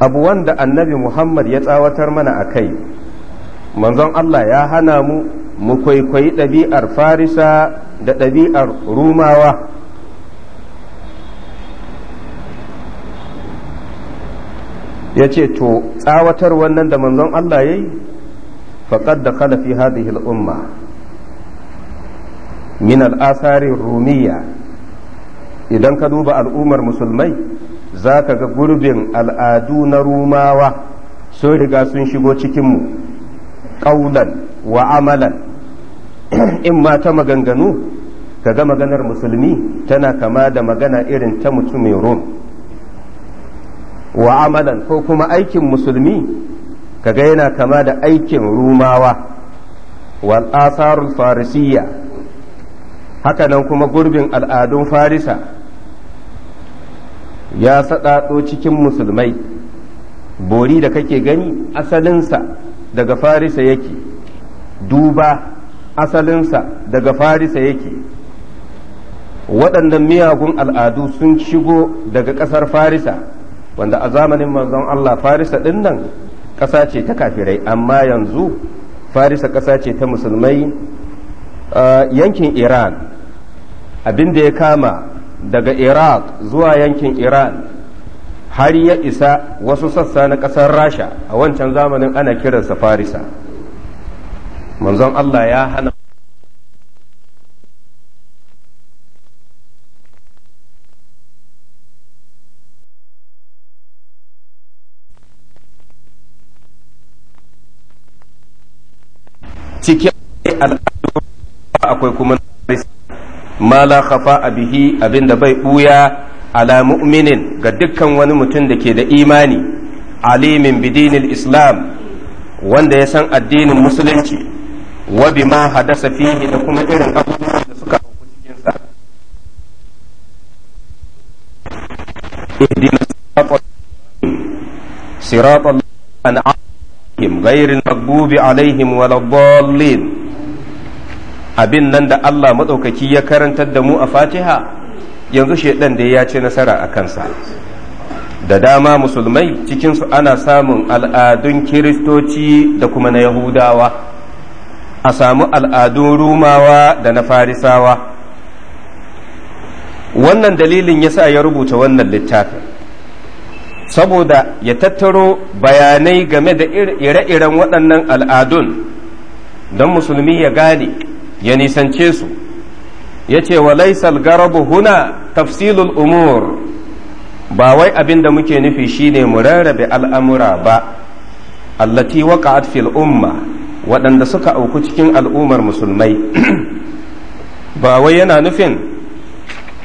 abu wanda annabi muhammad ya tsawatar mana a kai manzon allah ya hana mu mu kwaikwayi ɗabi'ar farisa da ɗabi'ar rumawa ya ce to tsawatar wannan da manzon Allah ya yi faƙad da kalafi fi hil'umma al'umma min al'asarin rumiya idan ka duba al'ummar musulmai za ka ga gurbin al'adu na rumawa sun riga sun shigo cikinmu ƙaunan wa amalan in ma ta maganganu ka ga maganar musulmi tana kama da magana irin ta mutumin rum wa amalan ko kuma aikin musulmi ka kaga yana kama da aikin rumawa wal asarul farisiyya hakanan kuma gurbin al'adun farisa ya saɗaɗo cikin musulmai bori da kake gani asalinsa daga farisa yake duba asalinsa daga farisa yake waɗannan miyagun al'adu sun shigo daga ƙasar farisa wanda a zamanin manzon Allah farisa ɗin nan ƙasa ce ta kafirai amma yanzu farisa ƙasa ce ta musulmai yankin iran abin da ya kama daga iraq zuwa yankin iran har ya isa wasu sassa na ƙasar rasha a wancan zamanin ana kiransa farisa manzon Allah ya hana cikin akwai kuma ma la khafa bihi da bai buya ala mu'minin ga dukkan wani mutum da ke da imani alimin bidinil islam wanda ya san addinin musulunci wa bima hadasa fihi da kuma irin abubuwan da suka auku cikin sa ihdina siratal an'am غير المغضوب عليهم ولا الضالين abin nan da Allah maɗaukaki ya karantar da mu a fatiha yanzu shaidan da ya ci nasara a kansa da dama musulmai cikinsu ana samun al'adun kiristoci da kuma na yahudawa a samu al'adun rumawa da na farisawa wannan dalilin ya sa ya rubuta wannan littafin saboda ya tattaro bayanai game da ire-iren waɗannan al'adun don musulmi ya gane ya nisance su ya ce wa laisal garabu huna tafsilul umur ba wai abin da muke nufi shine mu rarrabe al'amura ba allati waqa'at fil umma waɗanda suka auku cikin al'ummar musulmai ba wai yana nufin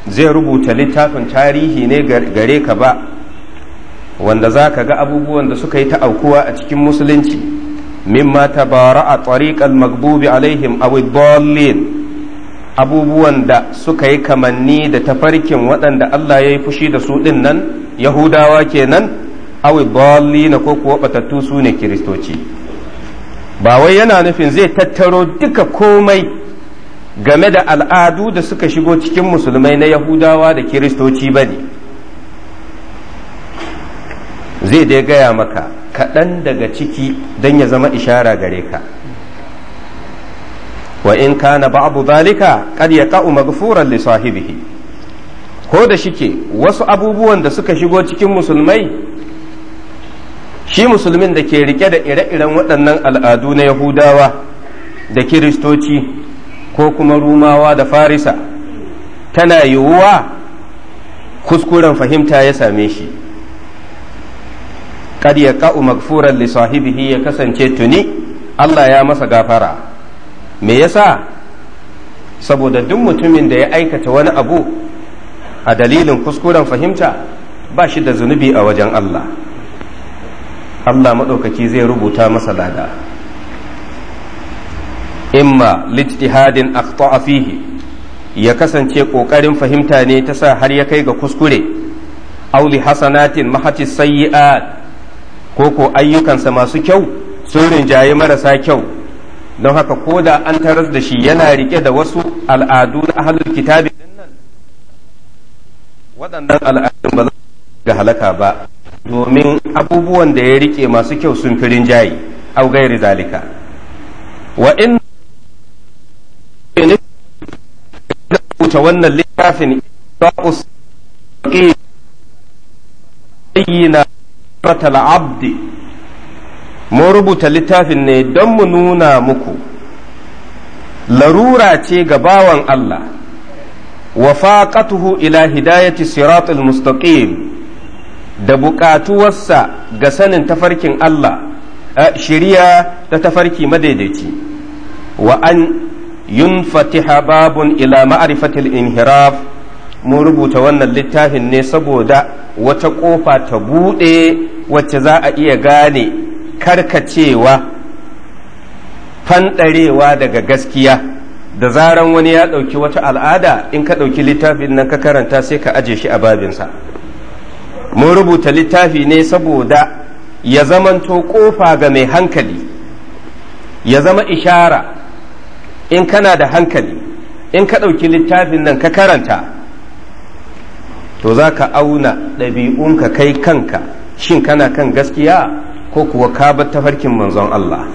zai rubuta littafin tarihi ne gare ka ba wanda za ka ga abubuwan da suka yi ta aukuwa a cikin musulunci mimma a tsarikan magbubi alaihim aw dallin abubuwan da suka yi kamanni da tafarkin waɗanda Allah ya yi fushi da su ɗin nan yahudawa kenan aw dallin ko kuwa batattu su ne kiristoci ba wai yana nufin zai tattaro duka komai game da al'adu da suka shigo cikin musulmai na yahudawa da kiristoci ba ne zai dai gaya maka kaɗan daga ciki don ya zama ishara gare ka wa in kana ba'du zalika ya yaqa'u maghfuran li sahibihi ko da shike wasu abubuwan da suka shigo cikin musulmai shi musulmin da ke rike da ire-iren waɗannan al'adu na yahudawa da kiristoci ko kuma rumawa da farisa tana yiwuwa kuskuren fahimta ya same shi kad ya ka'u magfuran li sahibihi ya kasance tuni Allah ya masa gafara me yasa saboda duk mutumin da ya aikata wani abu a dalilin kuskuren fahimta ba shi da zunubi a wajen Allah Allah maɗaukaki zai rubuta masa lada imma lijtihadin akhta'a fihi ya kasance ƙoƙarin fahimta ne ta sa har ya kai ga kuskure auli hasanatin mahatis sayyi'at ko ko ayyukansa masu kyau sun rinjaye marasa kyau don haka ko da an taras da shi yana rike da wasu al'adu na ahlul kitabin waɗannan al'adun ba za ga halaka ba domin abubuwan da ya rike masu kyau sun fi rinjaye au gairi zalika wa in wuce wannan littafin ba'us na ratal abdi mun rubuta littafin ne don mu nuna muku larura ce ga bawan Allah wa faqatuhu ila hidayati siratul mustaqim da buƙatuwarsa ga sanin tafarkin Allah a eh, shiriya ta tafarki madaidaici wa an yunfatiha babun ila ma'rifatil inhiraf mun rubuta wannan littafin ne saboda wata ƙofa ta buɗe wacce za a iya gane karkacewa fanɗarewa daga gaskiya da zaran wani ya ɗauki wata al'ada in ka ɗauki littafin nan ka karanta sai ka aje shi a babinsa mun rubuta littafi ne saboda ya zamanto ƙofa ga mai hankali ya zama ishara in kana da hankali in ka ɗauki littafin nan ka karanta to za ka auna ɗabi'unka kai kanka shin kana kan gaskiya ko kuwa ka bar tafarkin manzon Allah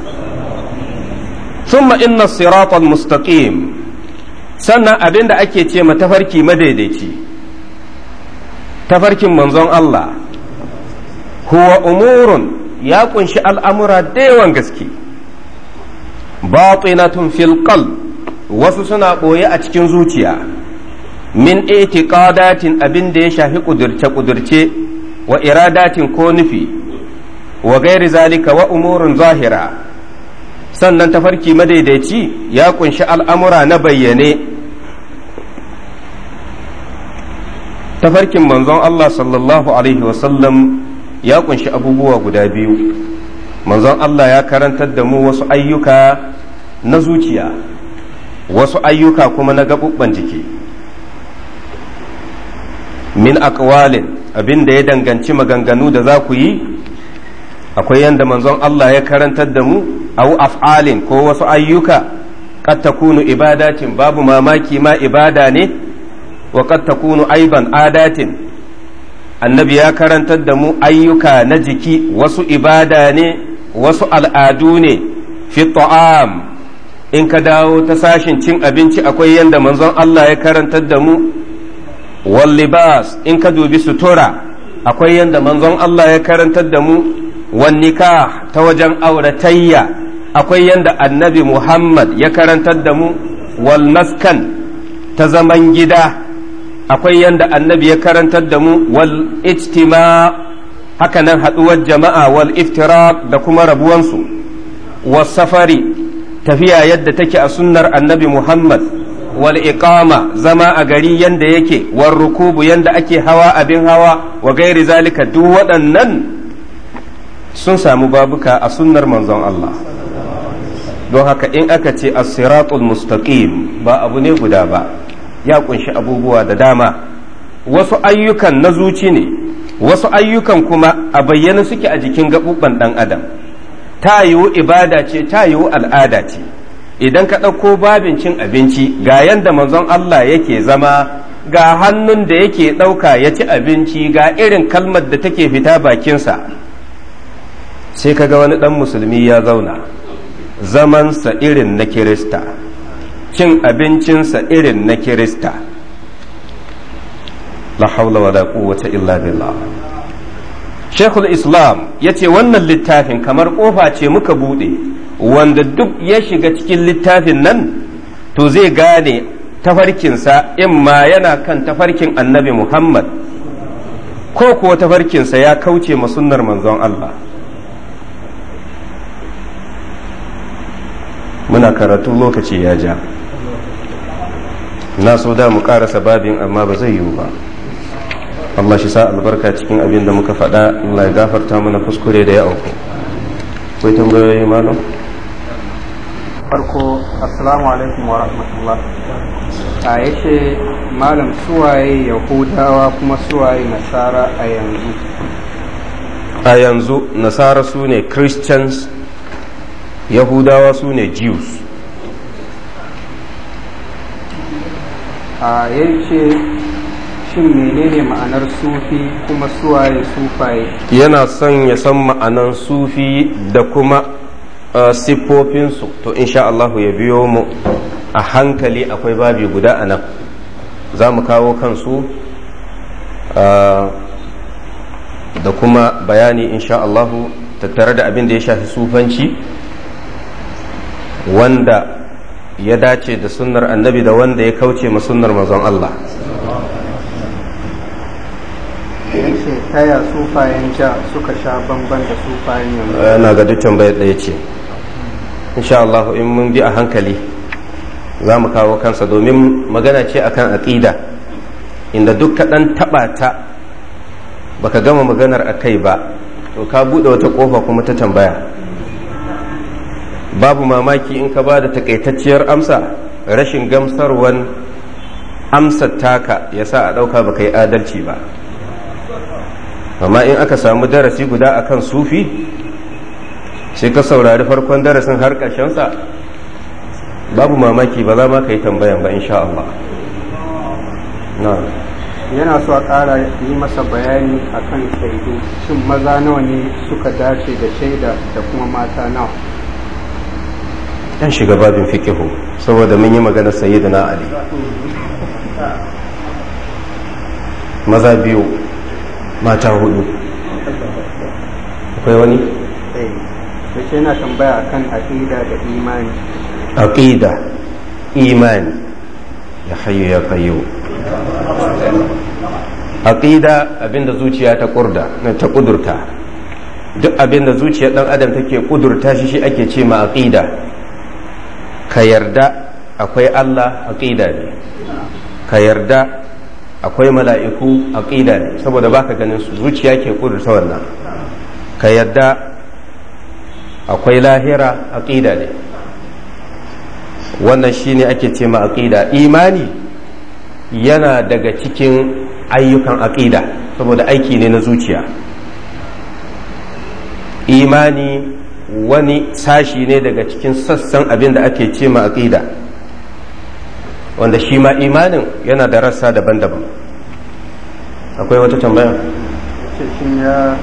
summa inna siratal mustaqim sannan abinda ake ce ma tafarki madaidaici tafarkin manzon Allah huwa umurun ya kunshi al'amura da yawan gaske batinatun fil qalb wasu suna ɓoye a cikin zuciya min itiqadatin abin da ya shafi kudurce-kudurce wa iradatin ko nufi wa gairi zalika wa umurun zahira sannan tafarki madaidaici ya kunshi al'amura na bayyane tafarkin manzon Allah sallallahu Alaihi wasallam ya kunshi abubuwa guda biyu manzon Allah ya karantar da mu wasu ayyuka na zuciya wasu ayyuka kuma na gaɓuɓɓen jiki min akwalin abin da ya danganci maganganu da za ku yi akwai yadda manzon Allah ya karantar da mu au af'alin ko wasu ayyuka qad takunu ibadatin babu mamaki ma ibada ne wa qad takunu aiban adatin annabi ya karantar da mu ayyuka na jiki wasu ibada ne wasu al'adu ne fi ta'am in ka dawo ta sashin cin abinci akwai yadda manzon Allah ya karantar da mu wal in ka dubi sutura akwai yadda manzon Allah ya karantar da mu wan nikah ta wajen auratayya akwai yadda annabi Muhammad ya karantar da mu wal ta zaman gida akwai yadda annabi ya karantar da mu wal ijtima haɗuwar jama'a wal iftiraq da kuma rabuwansu was safari tafiya yadda take a sunnar annabi Muhammad wal iqama zama a gari yanda yake war rukubu yanda ake hawa abin hawa wa gairi zalika duk waɗannan sun samu babuka a sunnar manzon Allah don haka in aka ce as-siratul mustaqim ba abu ne guda ba ya kunshi abubuwa da dama wasu ayyukan na zuci ne wasu ayyukan kuma a bayyana suke a jikin gaɓuɓɓen ɗan adam ta yiwu ibada ce ta yiwu al'ada ce idan ka ɗauko babin cin abinci ga yadda manzon Allah yake zama ga hannun da yake ɗauka ya ci abinci ga irin kalmar da take fita bakinsa sai ka ga wani ɗan musulmi ya zauna zamansa irin na kirista cin abincinsa irin na kirista la haula wa quwwata illa billah shekul islam ya ce wannan littafin kamar kofa ce muka buɗe wanda duk ya shiga cikin littafin nan to zai gane tafarkinsa in ma yana kan tafarkin annabi muhammad ko kuwa tafarkinsa ya kauce ma manzon allah muna karatu lokaci ya ja na so da mu karasa babin amma ba zai yiwu ba Allah shi sa albarka cikin abin da muka faɗa Allah ya gafarta mana kuskure da ya auku akwai tambayoyi malam farko assalamu alaikum wa rahmatullah a yace malam suwaye yahudawa kuma suwaye nasara a yanzu a yanzu nasara su ne christians yahudawa su ne jews a yace shin menene ma'anar sufi kuma suwaye sufaye yana son ya san ma'anar sufi da kuma uh, siffofinsu to insha Allah ya biyo mu a hankali akwai babi guda a nan za mu kawo kansu uh, da kuma bayani insha Allah tattare da abin da ya shafi sufanci wanda ya dace da sunnar annabi da wanda ya kauce ma sunnar mazan Allah taya sufayen ja suka sha bamban da sufayen yanzu eh, na ga duk tambayar ɗaya ce insha Allah in mun bi a hankali za mu kawo kansa domin magana ce akan aƙida inda duk kaɗan taɓa ta baka gama maganar a kai ba to ka buɗe wata ƙofa kuma ta tambaya babu mamaki in ka ba da takaitacciyar amsa rashin gamsarwan amsar taka ya sa a ɗauka baka yi adalci ba amma in aka samu darasi guda a kan sufi sai ka saurari farkon darasin har sa babu mamaki ba za ma ka yi tambayan ba insha Allah yana so a ƙara yi masa bayani akan shaidu shin maza nawa ne suka dace da shaida da kuma mata nawa dan shiga babin fikihu saboda mun yi magana sayyidina ali maza biyu mata hudu akwai wani? sai eh, na tambaya akan aqida da imani aqida imani ya hayo ya kayo aqida abinda zuciya ta kurda ta kudurta duk abinda zuciyar dan adam take kudurta shi shi ake ce ma aqida ka yarda akwai Allah aqida ne ka yarda akwai mala'iku a ƙida ne saboda baka ganin su zuciya ke ta wannan ka yadda akwai lahira a ƙida ne wannan shi ne ake ce ma ƙida imani yana daga cikin ayyukan ƙida saboda aiki ne na zuciya imani wani sashi ne daga cikin sassan abin da ake ce ma ƙida. wanda shi ma imanin yana da rassa daban-daban akwai wata tambaya shin ya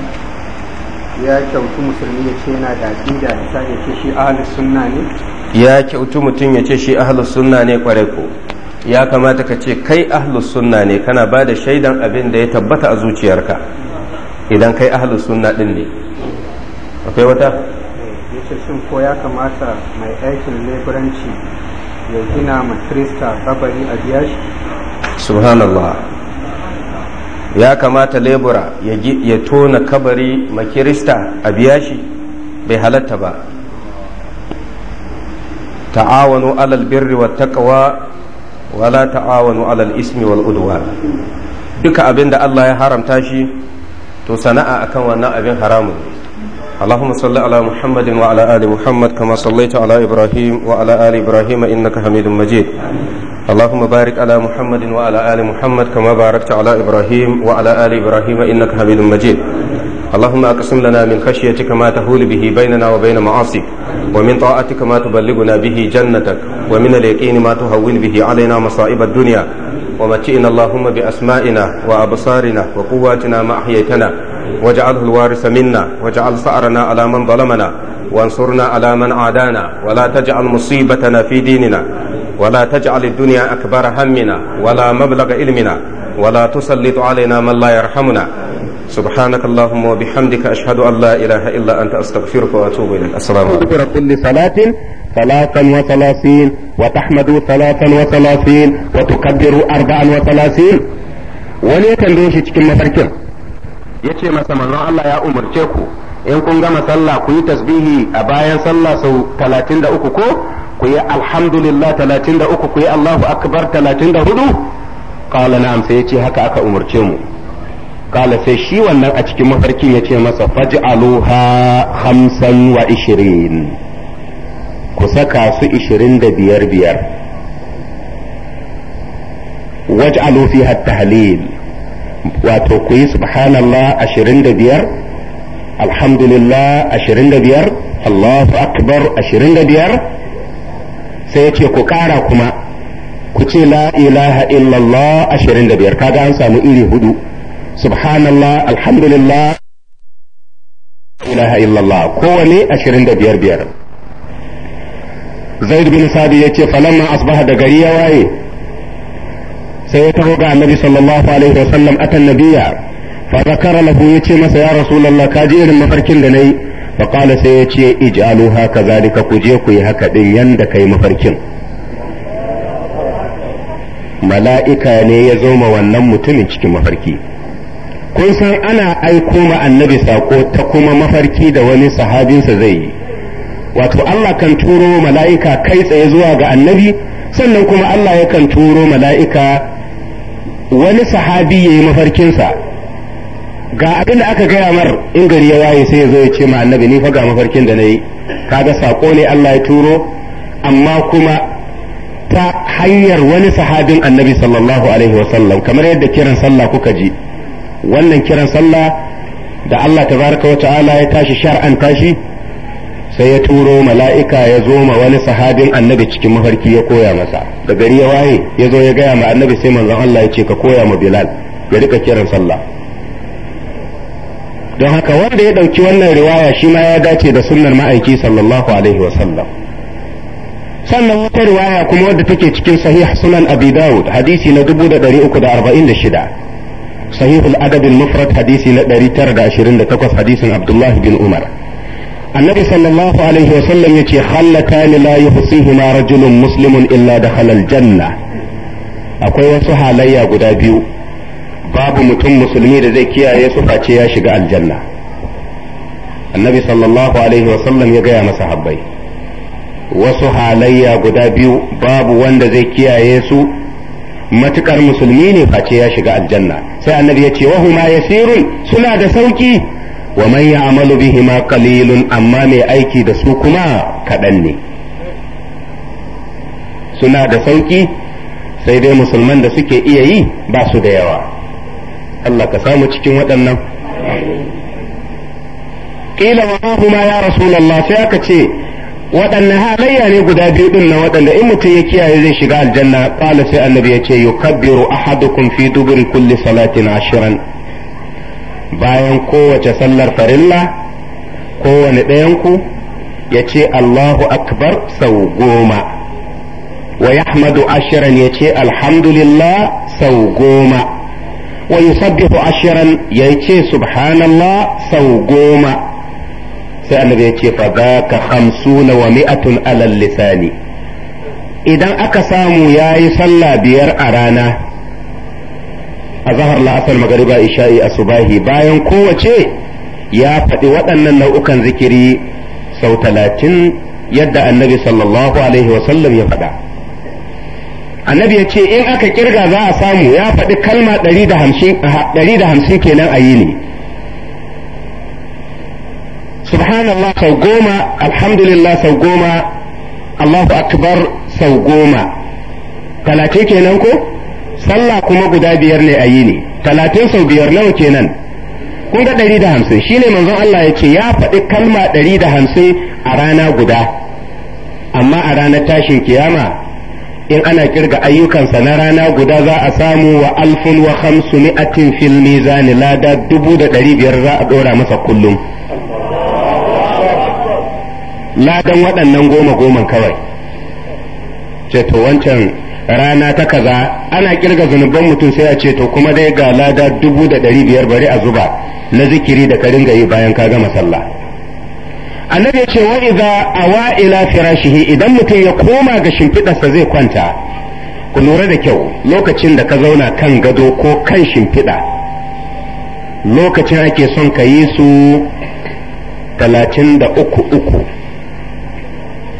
ya kyautu musulmi ya ce yana da aqida ya ya ce shi ahlus sunna ne ya kyautu mutum ya ce shi ahlus sunna ne kware ko ya kamata ka ce kai ahlus sunna ne kana ba da shaidan abin da ya tabbata a zuciyarka idan kai ahlus sunna din ne akwai wata ce shin ko ya kamata mai aikin leburanci ya gina ma krista kabari a biyashi. subhanallah ya kamata lebura ya tona kabari ma kirista a biyashi, bai halatta ba ta'awanu alal birri wa taqwa wala ta'awanu alal ismi wal duka abin da Allah ya haramta shi to sana'a akan wannan abin haramun ne اللهم صل على محمد وعلى آل محمد كما صليت على إبراهيم وعلى آل إبراهيم إنك حميد مجيد اللهم بارك على محمد وعلى آل محمد كما باركت على إبراهيم وعلى آل إبراهيم إنك حميد مجيد اللهم أقسم لنا من خشيتك ما تهول به بيننا وبين معاصيك ومن طاعتك ما تبلغنا به جنتك ومن اليقين ما تهون به علينا مصائب الدنيا ومتئنا اللهم بأسمائنا وأبصارنا وقواتنا ما أحييتنا واجعله الوارث منا واجعل ثأرنا على من ظلمنا وانصرنا على من عادانا ولا تجعل مصيبتنا في ديننا ولا تجعل الدنيا أكبر همنا ولا مبلغ علمنا ولا تسلط علينا من لا يرحمنا سبحانك اللهم وبحمدك أشهد أن لا إله إلا أنت أستغفرك وأتوب إليك السلام عليكم كل صلاة ثلاثا وثلاثين وتحمد ثلاثا وثلاثين وتكبر أربعا وثلاثين وليتن دوشي تكلم فركم yace masa manzon Allah ya umarce ku in kun gama sallah ku yi tasbihi a bayan sallah sau uku ko ku yi alhamdulillah uku ku yi Allahu akbar 34 qala na'am sai yace haka aka umarce mu qala sai shi wannan a cikin mafarkin yace masa faj'aluha khamsan wa ishirin ku saka su ishirin da biyar biyar waj'alu fiha tahlil wato ku yi subhanallah ashirin da biyar alhamdulillah ashirin da biyar allahu akbar ashirin da biyar sai ya ce ku ƙara kuma ku ce la ilaha illallah ashirin da biyar kaga an samu iri hudu subhanallah alhamdulillah ilaha illallah kowane ashirin da biyar biyar zaid bin sadi ya ce falamma asbaha da gari ya waye sai wata ga annabi sallallahu alaihi wa sallam nabiya fa zakara lahu masa ya rasulullah ka ji irin mafarkin da nayi fa qala sai yace ij'alu haka zalika ku je ku yi haka din yanda kai mafarkin mala'ika ne ya zo ma wannan mutumin cikin mafarki kun san ana aiko ma annabi sako ta kuma mafarki da wani sahabinsa zai yi wato Allah kan turo mala'ika kai tsaye zuwa ga annabi sannan kuma Allah yakan turo mala'ika wani sahabi ya yi mafarkinsa ga abin da aka gaya mar in gari ya waye sai ya zo ya ce ma annabi ni fa ga mafarkin da na yi kaga sako ne Allah ya turo amma kuma ta hanyar wani sahabin annabi sallallahu alaihi wasallam kamar yadda kiran sallah kuka ji wannan kiran sallah da Allah tabaraka wa ta'ala ya tashi shar'an tashi sai ya turo mala'ika ya zo ma wani sahabin annabi cikin mafarki ya koya masa da gari ya waye ya zo ya gaya ma annabi sai manzon Allah ya ce ka koya ma Bilal ya rika kiran sallah don haka wanda ya ɗauki wannan riwaya shi ma ya dace da sunnar ma'aiki sallallahu alaihi wasallam sannan wata riwaya kuma wadda take cikin sahih sunan abi dawud hadisi na arba'in da shida adab al-mufrad hadisi na 928 hadisin abdullahi bin umar annabi sallallahu alaihi wasallam yace hallatani la yuhsihima rajulun muslimun illa dakhala janna akwai wasu halayya guda biyu babu mutum musulmi da zai kiyaye su face ya shiga aljanna annabi sallallahu alaihi wasallam ya gaya masa habbai wasu halayya guda biyu babu wanda zai kiyaye su matukar musulmi ne face ya shiga aljanna sai annabi ya ce wahuma yasirun suna da sauki wa man ya'malu ma qalilun amma mai aiki da su kuma kaɗan ne suna da sauki sai dai musulman da suke iya yi ba su da yawa Allah ka samu cikin waɗannan ƙila wa huma ya rasulallah sai aka ce waɗanne halayya ne guda biyu ɗin na waɗanda in mutum ya kiyaye zai shiga aljanna ƙala sai annabi ya ce yukabbiru ahadukum fi duburi kulli salatin ashiran bayan kowace sallar farilla kowane ɗayanku ya ce Allahu akbar sau goma wa ahmadu ashiran ya ce alhamdulillah sau goma wa yusabbihu ashiran ya ce subhanallah sau goma sai annabi ya ce ka hamsuna wa mi'atun alal lisani idan aka samu yayi sallah biyar a rana Azahar zahar la'asar magariba isha'i subahi bayan kowace ya faɗi waɗannan nau'ukan zikiri sau talatin yadda annabi sallallahu alaihi wasallam ya faɗa annabi ya ce in aka kirga za a samu ya faɗi kalma ɗari da hamsin kenan a yi ne subhanallah sau goma alhamdulillah sau goma allahu akbar sau goma talatin kenan ko sallah kuma guda biyar ne a yi ne talatin sau biyar nawa kenan kun ga ɗari da hamsin shi ne manzon Allah ya ce ya faɗi kalma ɗari da hamsin a rana guda amma a ranar tashin kiyama in ana kirga ayyukansa na rana guda za a samu wa alfun wa hamsu filmi fil mizani lada dubu da ɗari biyar za a ɗora masa kullum ladan waɗannan goma goman kawai ce wancan rana ta kaza ana kirga zunuban mutum sai a ce to kuma dai ga lada dubu da ɗari biyar bari a zuba na zikiri da ka ringa yi bayan ka gama sallah annabi ya ce wa iza awa ila firashihi idan mutum ya koma ga shimfiɗarsa zai kwanta ku lura da kyau lokacin da ka zauna kan gado ko kan shimfiɗa lokacin ake son ka yi su talatin da uku uku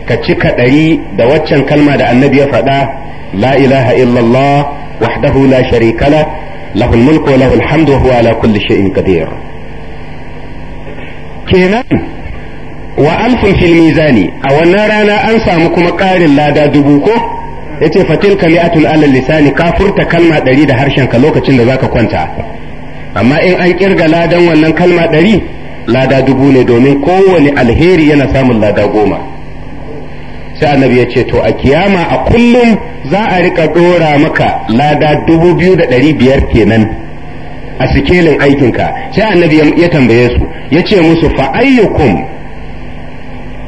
ka cika ɗari da waccan kalma da annabi ya faɗa la ilaha illallah wahdahu la sharika la lahul mulku wa lahul hamdu wa huwa ala kulli shay'in qadir kenan wa alfun fil mizani a wannan rana an samu kuma ƙarin lada dubu ko yace fatilka mi'atun alal lisani ka furta kalma ɗari da harshen ka lokacin da zaka kwanta amma in an kirga ladan wannan kalma ɗari lada dubu ne domin kowane alheri yana samun lada goma sai annabi ya ce to a kiyama a kullum za a rika dora maka lada dubu biyu da ɗari biyar kenan a sikelin aikinka sai annabi ya tambaye su ya ce musu fa'ayyukum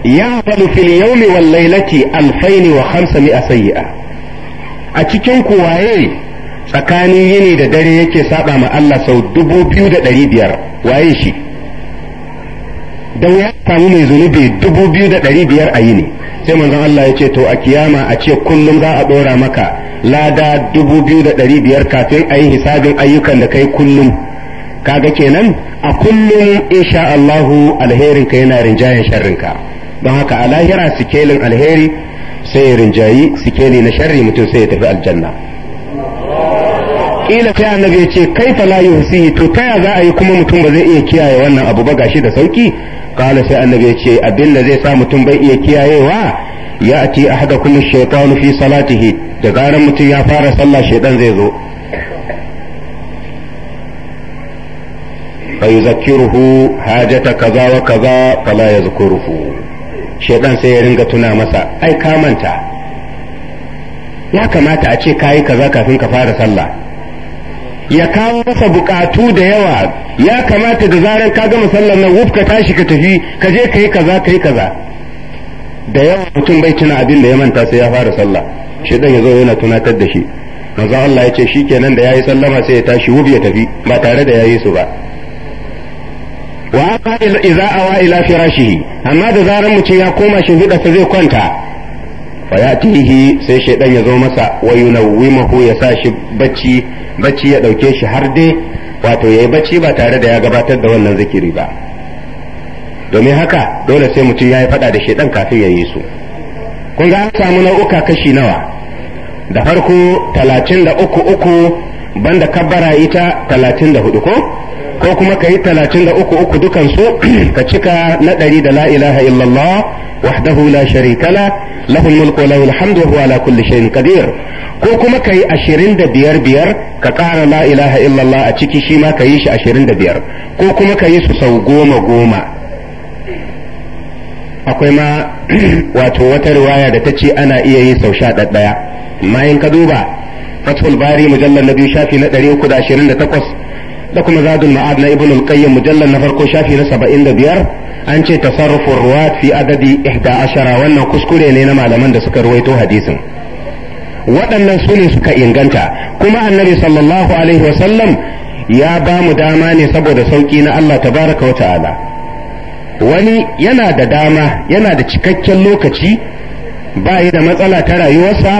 ya falu fil mai wal lailati alfaini wa hamsa mi'a sayyi'a a cikin ku waye tsakanin yini da dare yake saba ma Allah sau dubu biyu da ɗari biyar waye shi da ya samu mai zunubi dubu biyu da ɗari biyar a yini sai manzon Allah ya ce to a kiyama a ce kullum za a ɗora maka lada dubu biyu da ɗari biyar kafin a yi hisabin ayyukan da kai kullum kaga kenan a kullum sha Allahu alherin ka yana rinjayen sharrin ka don haka a lahira sikelin alheri sai rinjayi sikeli na sharri mutum sai ya tafi aljanna kila sai annabi ya ce kai la yuhsihi to ta ya za a yi kuma mutum ba zai iya kiyaye wannan abu ba gashi da sauki kale sai annabi ya ce abin da zai sa mutum bai iya kiyayewa ya ati ahadakum ash-shaytanu fi salatihi da garan mutum ya fara sallah shaytan zai zo fa yuzakkiruhu kaza wa kaza fala yazkuruhu shaytan sai ya ringa tuna masa ai ka manta ya kamata a ce kayi kaza kafin ka fara sallah ya kawo masa bukatu da yawa ya kamata da zaran ka gama sallar nan wuf ka tashi ka tafi ka je ka yi kaza ka yi kaza da yawa mutum bai tuna abin da ya manta sai ya fara sallah shi dan zo yana tunatar da shi manzo Allah ya ce shikenan da yayi sallama sai ya tashi wuf ya tafi ba tare da yayi su ba wa idza awa ila firashihi amma da zaran mutum ya koma shi huda zai kwanta fa sai shaydan ya zo masa wa yunawwimahu ya sa shi bacci bacci ya dauke shi har dai wato yayi bacci ba tare da ya gabatar da wannan zikiri ba domin haka dole sai mutum ya yi fada da shaydan kafin ya yi su kun ga an samu nau'uka kashi nawa da farko talatin da uku uku banda kabbara ita talatin da hudu ko ko kuma ka yi talatin da uku uku dukansu ka cika na ɗari da la ilaha illallah wahdahu la sharika la lahu mulku wa lahu alhamdu wa huwa ala kulli shay'in qadir ko kuma ka yi ashirin da biyar biyar ka ƙara la ilaha illallah a ciki shi ma ka yi shi ashirin da biyar ko kuma ka yi su sau goma goma akwai ma wato wata riwaya da ta ce ana iya yi sau sha ɗaya amma in ka duba fathul bari mujallar na biyu shafi na ɗari uku da ashirin da takwas da kuma zadul ma'ad na ibn al-qayyim mujallal na farko shafi na 75 an ce tasarrufur ruwat fi adadi 11 wannan kuskure ne na malaman da suka ruwaito hadisin waɗannan su ne suka inganta kuma annabi sallallahu alaihi wasallam ya ba mu dama ne saboda sauki na Allah tabaraka wata ta'ala wani yana da dama yana da cikakken lokaci ba da matsala ta rayuwarsa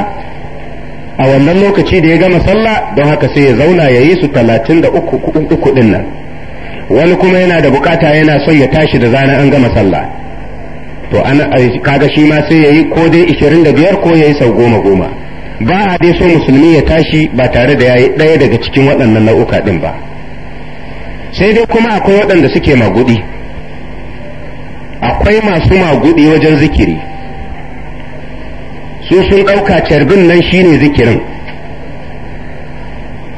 a wannan lokaci da ya gama sallah don haka sai ya zauna ya yi su talatin da uku din nan wani kuma yana da bukata yana son ya tashi da zana an gama sallah to ana kaga shi ma sai ya yi ko dai ishirin da biyar ko ya yi sau goma goma ba a dai so musulmi ya tashi ba tare da ya yi ɗaya daga cikin waɗannan nau'uka ɗin ba sai dai kuma akwai waɗanda suke magudi akwai masu magudi wajen zikiri su sun ɗauka carbin nan shine zikirin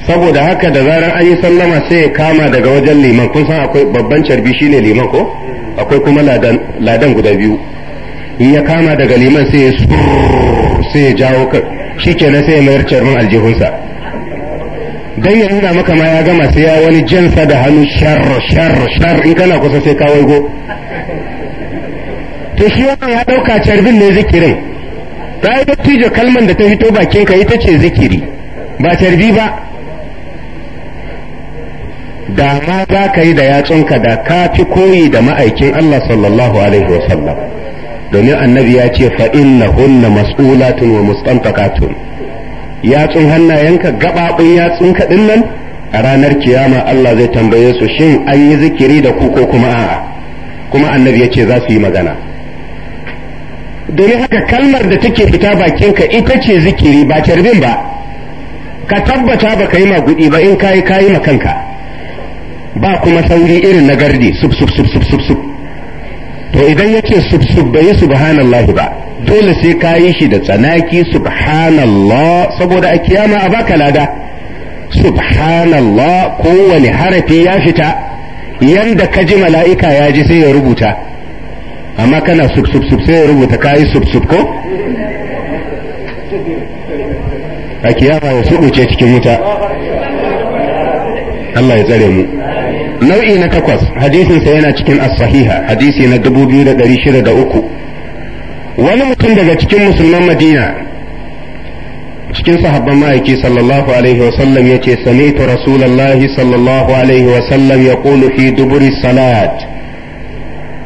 saboda haka da zarar an yi sallama sai ya kama daga wajen liman kun san akwai babban carbi shine liman ko akwai kuma ladan guda biyu in ya kama daga liman sai ya sai ya jawo shi shikenan sai ya mayar carbin aljihunsa dan ya nuna maka ma ya gama sai ya wani jansa da hannu shar shar shar in kana kusa sai ka waigo to shi wannan ya dauka carbin ne zikirin ta yi dattijo kalman da ta fito bakin ka ita ce zikiri ba tarbi ba da ma za ka yi da yatsunka da ka fi koyi da ma'aikin Allah sallallahu alaihi wasallam domin annabi ya ce fa innahunna mas'ulatun wa mustantaqatun yatsun hannayenka gabaɓin yatsunka din nan a ranar kiyama Allah zai tambaye su shin an yi zikiri da ku ko kuma a'a kuma annabi ya ce za su yi magana domin haka kalmar da take fita bakinka ita ce zikiri ba tarbin ba ka tabbata ba ka yi maguɗi ba in kayi kayi ma kanka ba kuma sauri irin na gardi sub sub sub sub sub sub to idan yake sub sub bai subhanallahi ba dole sai ka yi shi da tsanaki subhanallah saboda a kiyama a baka lada subhanallah kowane harafi ya fita yadda ka ji mala'ika ya ji sai ya rubuta amma kana sub sub sub sai ya rubuta kayi sub sub ko a kiyama ya suɓuce cikin wuta Allah ya tsare mu nau'i na takwas hadisinsa yana cikin as-sahiha hadisi na 2603 wani mutum daga cikin musulman madina cikin sahabban ma'aiki sallallahu alaihi wa sallam yace sami'tu rasulullahi sallallahu alaihi wa sallam yaqulu fi duburi salat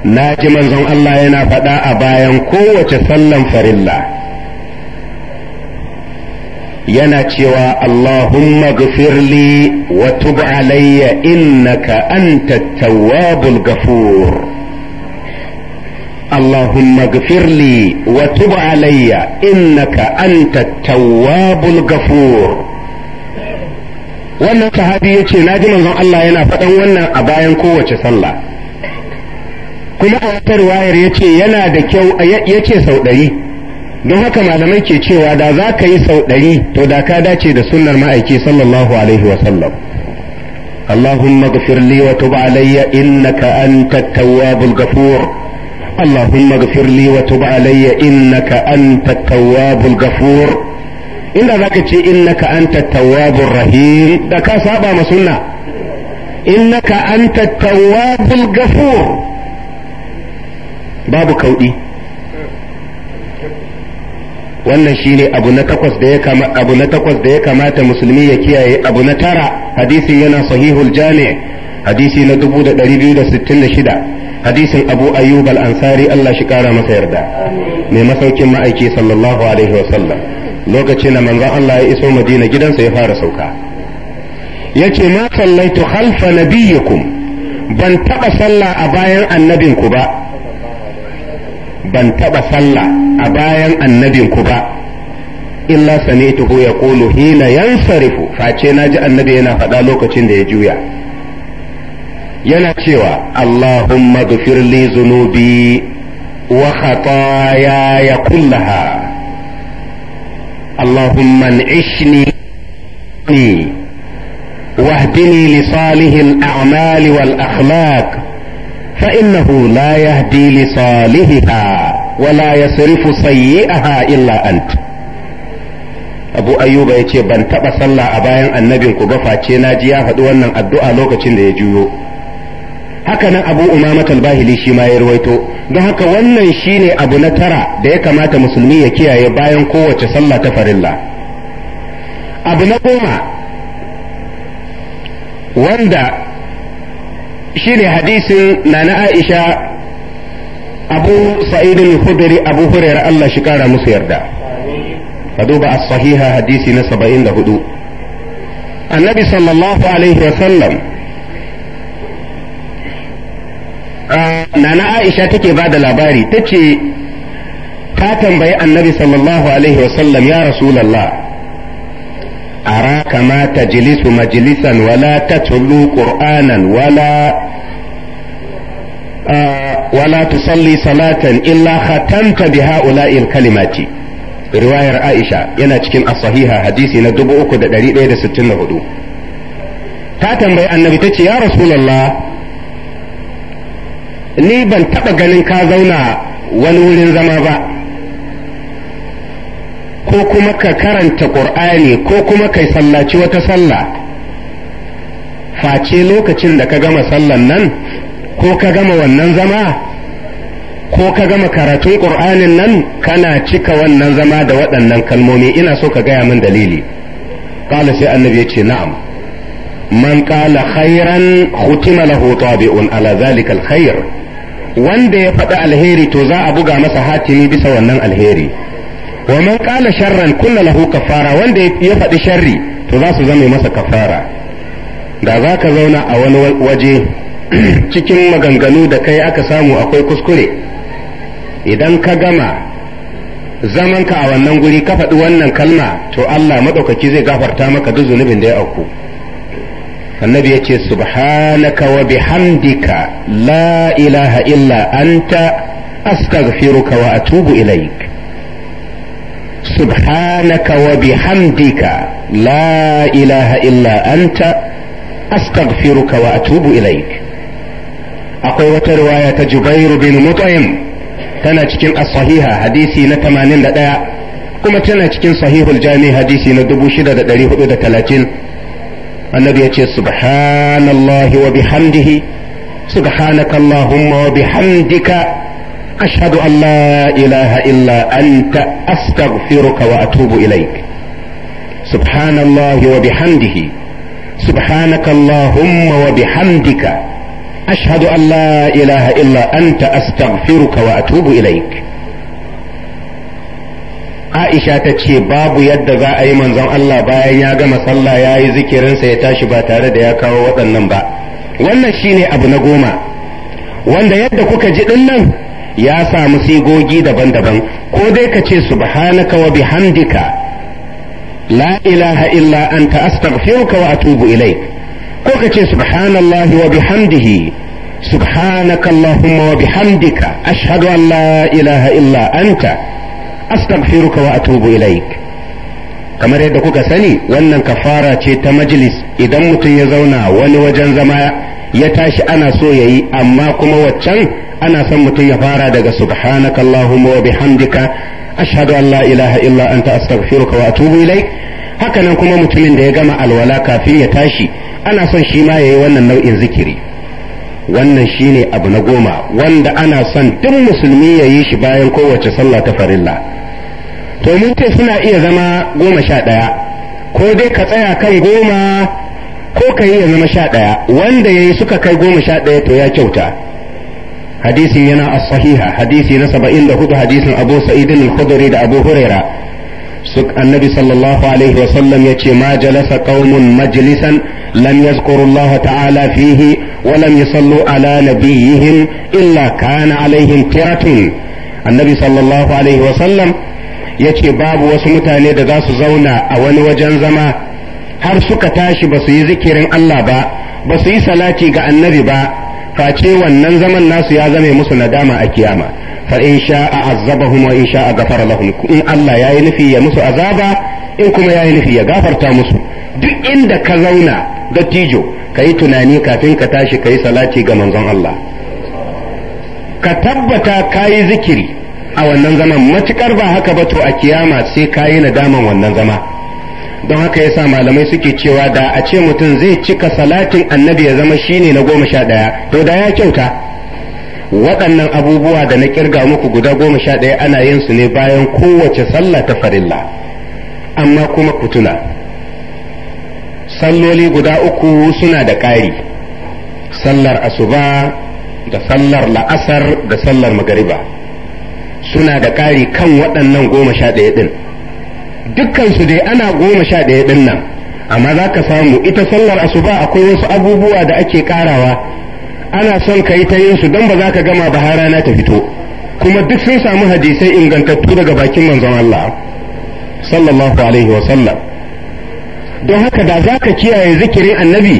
na ji manzon Allah yana faɗa a bayan kowace sallan farilla yana cewa Allahumma gafirli wa tub alayya innaka anta tawwabul gafur Allahumma gafirli wa tub alayya innaka anta tawwabul gafur wannan sahabi yace na ji manzon Allah yana faɗan wannan a bayan kowace sallah kuma a wata riwayar ya ce yana da kyau ya ce sau ɗari don haka malamai ke cewa da za ka yi sau ɗari to da ka dace da sunnar ma'aiki sallallahu alaihi wasallam اللهم اغفر لي وتب علي إنك أنت التواب الغفور اللهم اغفر لي وتب علي إنك أنت التواب الغفور إن ذاك إنك أنت التواب الرحيم دكا سابا مسنة إنك أنت التواب الغفور babu kauɗi wannan shine abu na takwas da ya abu na takwas da ya kamata musulmi ya kiyaye abu na tara hadisin yana sahihul jami hadisi na 2266 hadisin abu ayyub al-ansari Allah shi kara masa yarda mai masaukin ma'aiki sallallahu alaihi wa sallam lokacin da manzo Allah ya iso Madina gidansa ya fara sauka yace ma sallaitu khalfa nabiyyikum ban taba sallah a bayan annabinku ba ban taɓa sallah a bayan annabinku ku ba illa sami'tuhu yaqulu hina yansarifu face ji annabi yana faɗa lokacin da ya juya yana cewa Allahumma ghfir li zunubi wa khataaya kullaha اللهم انعشني واهدني لصالح الأعمال akhlaq. فإنه لا يهدي لصالحها ولا يصرف سيئها إلا أنت abu ayyuba ya ce ban taɓa sallah a bayan annabin ku ba face na ji ya faɗi wannan addu'a lokacin da ya juyo haka nan abu umama talbahili shi ma ya rawaito don haka wannan shine abu na tara da ya kamata musulmi ya kiyaye bayan kowace sallah ta farilla abu na goma wanda shine hadisin nana Aisha Abu Sa'id al-Khudri Abu Hurairah Allah shi kara musu yarda ka duba as-sahiha hadisi na 74 annabi sallallahu alaihi wa sallam nana Aisha take bada labari tace ta tambayi annabi sallallahu alaihi wa sallam ya rasulullah ara kama tajlisu majlisan wala tatlu qur'anan wala wala tusalli salatan illa khatamta bi ha'ula'il kalimati riwayar Aisha yana cikin as-sahiha hadisi na 3164 ta tambayi annabi ta ce ya rasulullah ni ban taɓa ganin ka zauna wani wurin zama ba ko kuma ka karanta ƙur'ani ko kuma kai sallaci wata sallah face lokacin da ka gama sallan nan ko ka gama wannan zama ko ka gama karatun ƙur'anin nan kana cika wannan zama da waɗannan kalmomi ina so ka gaya min dalili ƙala sai annabi ya ce na'am man ƙala khairan hutima lahu tabi'un ala zalika alkhair wanda ya faɗi alheri to za a buga masa hatimi bisa wannan alheri wa man qala sharran kullu lahu kafara wanda ya faɗi sharri to za su zame masa kafara da za ka zauna a wani waje cikin maganganu da kai aka samu akwai kuskure idan ka gama zamanka a wannan guri ka faɗi wannan kalma to Allah maɗaukaki zai gafarta maka duk zunubin da ya auku annabi ya ce subhanaka wa bihamdika la ilaha illa anta astaghfiruka wa atubu ilaik سبحانك وبحمدك لا إله إلا أنت أستغفرك وأتوب إليك أقوى رواية جبير بن مطعم تنا تكين الصحيحة حديثي نتمانين لدى كما تنا تكين صحيح الجامع حديثي ندبو شدة دريه دا تلاتين النبي يقول سبحان الله وبحمده سبحانك اللهم وبحمدك أشهد أن لا إله إلا أنت أستغفرك وأتوب إليك سبحان الله وبحمده سبحانك اللهم وبحمدك أشهد أن لا إله إلا أنت أستغفرك وأتوب إليك عائشة تشي باب يد ذا أي من زم الله بايا ياغم صلى يا ذكر سيتا شبا تارد يا كاو وطن نمبا وانا شيني أبو نقوما وانا يد كوكا ya samu sigogi daban-daban ko dai ka ce subhanaka wa bihamdika la ilaha illa anta astaghfiruka wa atubu ilaik ko ka ce subhanallahi wa bihamdihi سبحانك اللهم وبحمدك أشهد أن لا إله إلا أنت أستغفرك وأتوب إليك kamar yadda kuka sani wannan kafara ce ta majlis idan mutum ya zauna wani wajen zama ya tashi ana so ya yi amma kuma waccan ana son mutum ya fara daga subhanaka allahumma wa bihamdika ashhadu an la ilaha illa anta astaghfiruka wa atubu ilaik hakanan kuma mutumin da ya gama alwala kafin ya tashi ana son shi ma yayi wannan nau'in zikiri wannan shine abu na goma wanda ana son duk musulmi ya yi shi bayan kowace sallah ta farilla to mun ce suna iya zama goma sha ɗaya ko dai ka tsaya kan goma ko ka yi ya zama sha ɗaya wanda ya yi suka kai goma sha ɗaya to ya kyauta Hadisin yana a sahiha hadisi na 74 hadisin Abu Sa'id al-Khudri da Abu Huraira annabi sallallahu alaihi wa sallam yace ma jalasa qaumun majlisan lam yazkuru Allah ta'ala fihi wa lam yusallu ala nabiyihim illa kana alaihim tiratun annabi sallallahu alaihi wa sallam yace babu wasu mutane da za su zauna a wani wajen zama har suka tashi ba su yi zikirin Allah ba ba su yi salati ga annabi ba face wannan zaman nasu ya zame musu nadama a kiyama fa in sha a azabahum wa in sha a gafara lahum in Allah yayi nufi ya musu azaba in kuma yayi nufi ya gafarta musu duk inda ka zauna dattijo kayi tunani kafin ka tashi kayi salati ga manzon Allah ka tabbata kayi zikiri a wannan zaman matukar ba haka ba to a kiyama sai kayi nadaman wannan zama don haka ya sa malamai suke cewa da a ce mutum zai cika salatin annabi ya zama shine na goma sha ɗaya to da ya kyauta waɗannan abubuwa da na kirga muku guda goma sha ɗaya ana yin su ne bayan kowace sallah ta farilla amma kuma kutuna salloli guda uku suna da ƙari sallar asuba da sallar la'asar da sallar magariba suna da ƙari kan waɗannan goma sha ɗaya ɗin dukkansu dai ana goma sha ɗaya ɗin nan amma za ka samu ita sallar asuba akwai wasu abubuwa da ake karawa ana son ka yi ta yin su don ba za ka gama ba har rana ta fito kuma duk sun samu hadisai ingantattu daga bakin manzon Allah sallallahu alaihi wa sallam don haka da za ka kiyaye zikirin annabi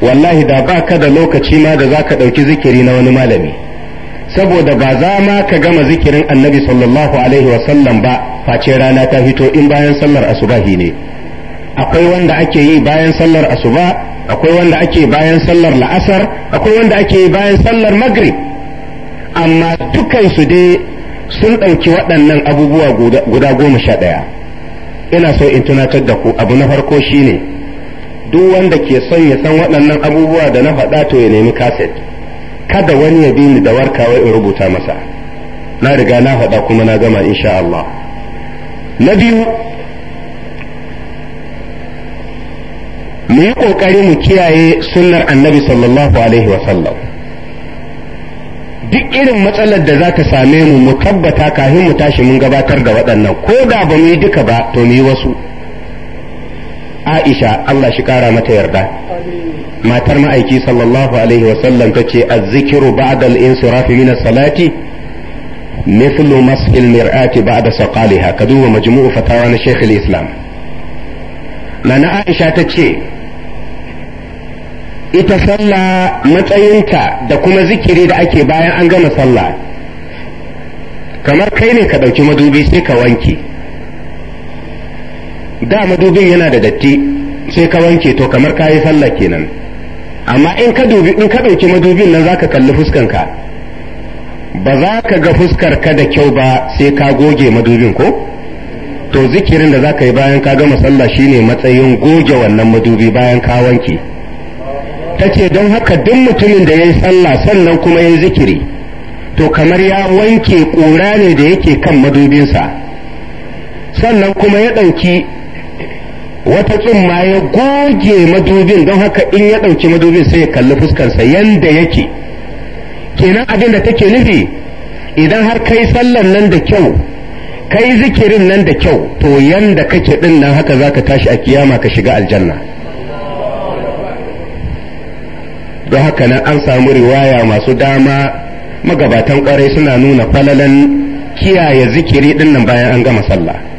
wallahi da ba ka da lokaci ma da za ka ɗauki zikiri na wani malami saboda ba za ma ka gama zikirin annabi sallallahu alaihi wasallam ba face rana ta fito in bayan sallar asubahi ne akwai wanda ake yi bayan sallar asuba akwai wanda ake bayan sallar la'asar akwai wanda ake yi bayan sallar maghrib amma dukansu dai sun ɗauki waɗannan abubuwa guda goma sha ɗaya ina so in tunatar da ku abu na farko shine duk wanda ke son ya san waɗannan abubuwa da na faɗa to ya nemi kaset kada wani ya bi ni da warkawa in rubuta masa na riga na faɗa kuma na gama insha Allah na biyu mu yi ƙoƙari mu kiyaye sunnar annabi sallallahu alaihi wasallam duk irin matsalar da za ta same mu mu tabbata kafin mu tashi mun gabatar da waɗannan ko da ba mu yi duka ba to mu yi wasu aisha Allah shi kara mata yarda matar ma'aiki sallallahu alaihi wasallam ta ce azzikiru ba'da al-insirafi min as-salati مثل مسح المرآة بعد سقالها كدوب مجموع فتاوى islam. Nana Aisha ta ce ita sallah matsayinta da kuma zikiri da ake bayan an gama sallah kamar kai ne ka ɗauki madubi sai ka wanke da madubin yana da datti sai ka wanke to kamar ka yi sallah kenan amma in ka dubi in ɗauki madubin nan zaka kalli fuskanka ba za ka ga fuskar ka da kyau ba sai ka goge madubin ko to zikirin da za ka yi bayan ka gama sallah shine matsayin goge wannan madubi bayan ka wanke ta ce don haka duk mutumin da ya sallah sannan kuma ya zikiri to kamar ya wanke ƙura ne da yake kan madubinsa sannan kuma ya ɗauki wata tsumma ya goge madubin don haka in ya ɗauki madubin sai ya kalli fuskarsa yanda yake kenan abin da take nufi idan har kai sallan nan da kyau kai zikirin nan da kyau to yanda kake din nan haka za ka tashi a kiyama ka shiga aljanna don haka nan an samu riwaya masu dama magabatan kwarai suna nuna falalan kiyaye zikiri din nan bayan an gama sallah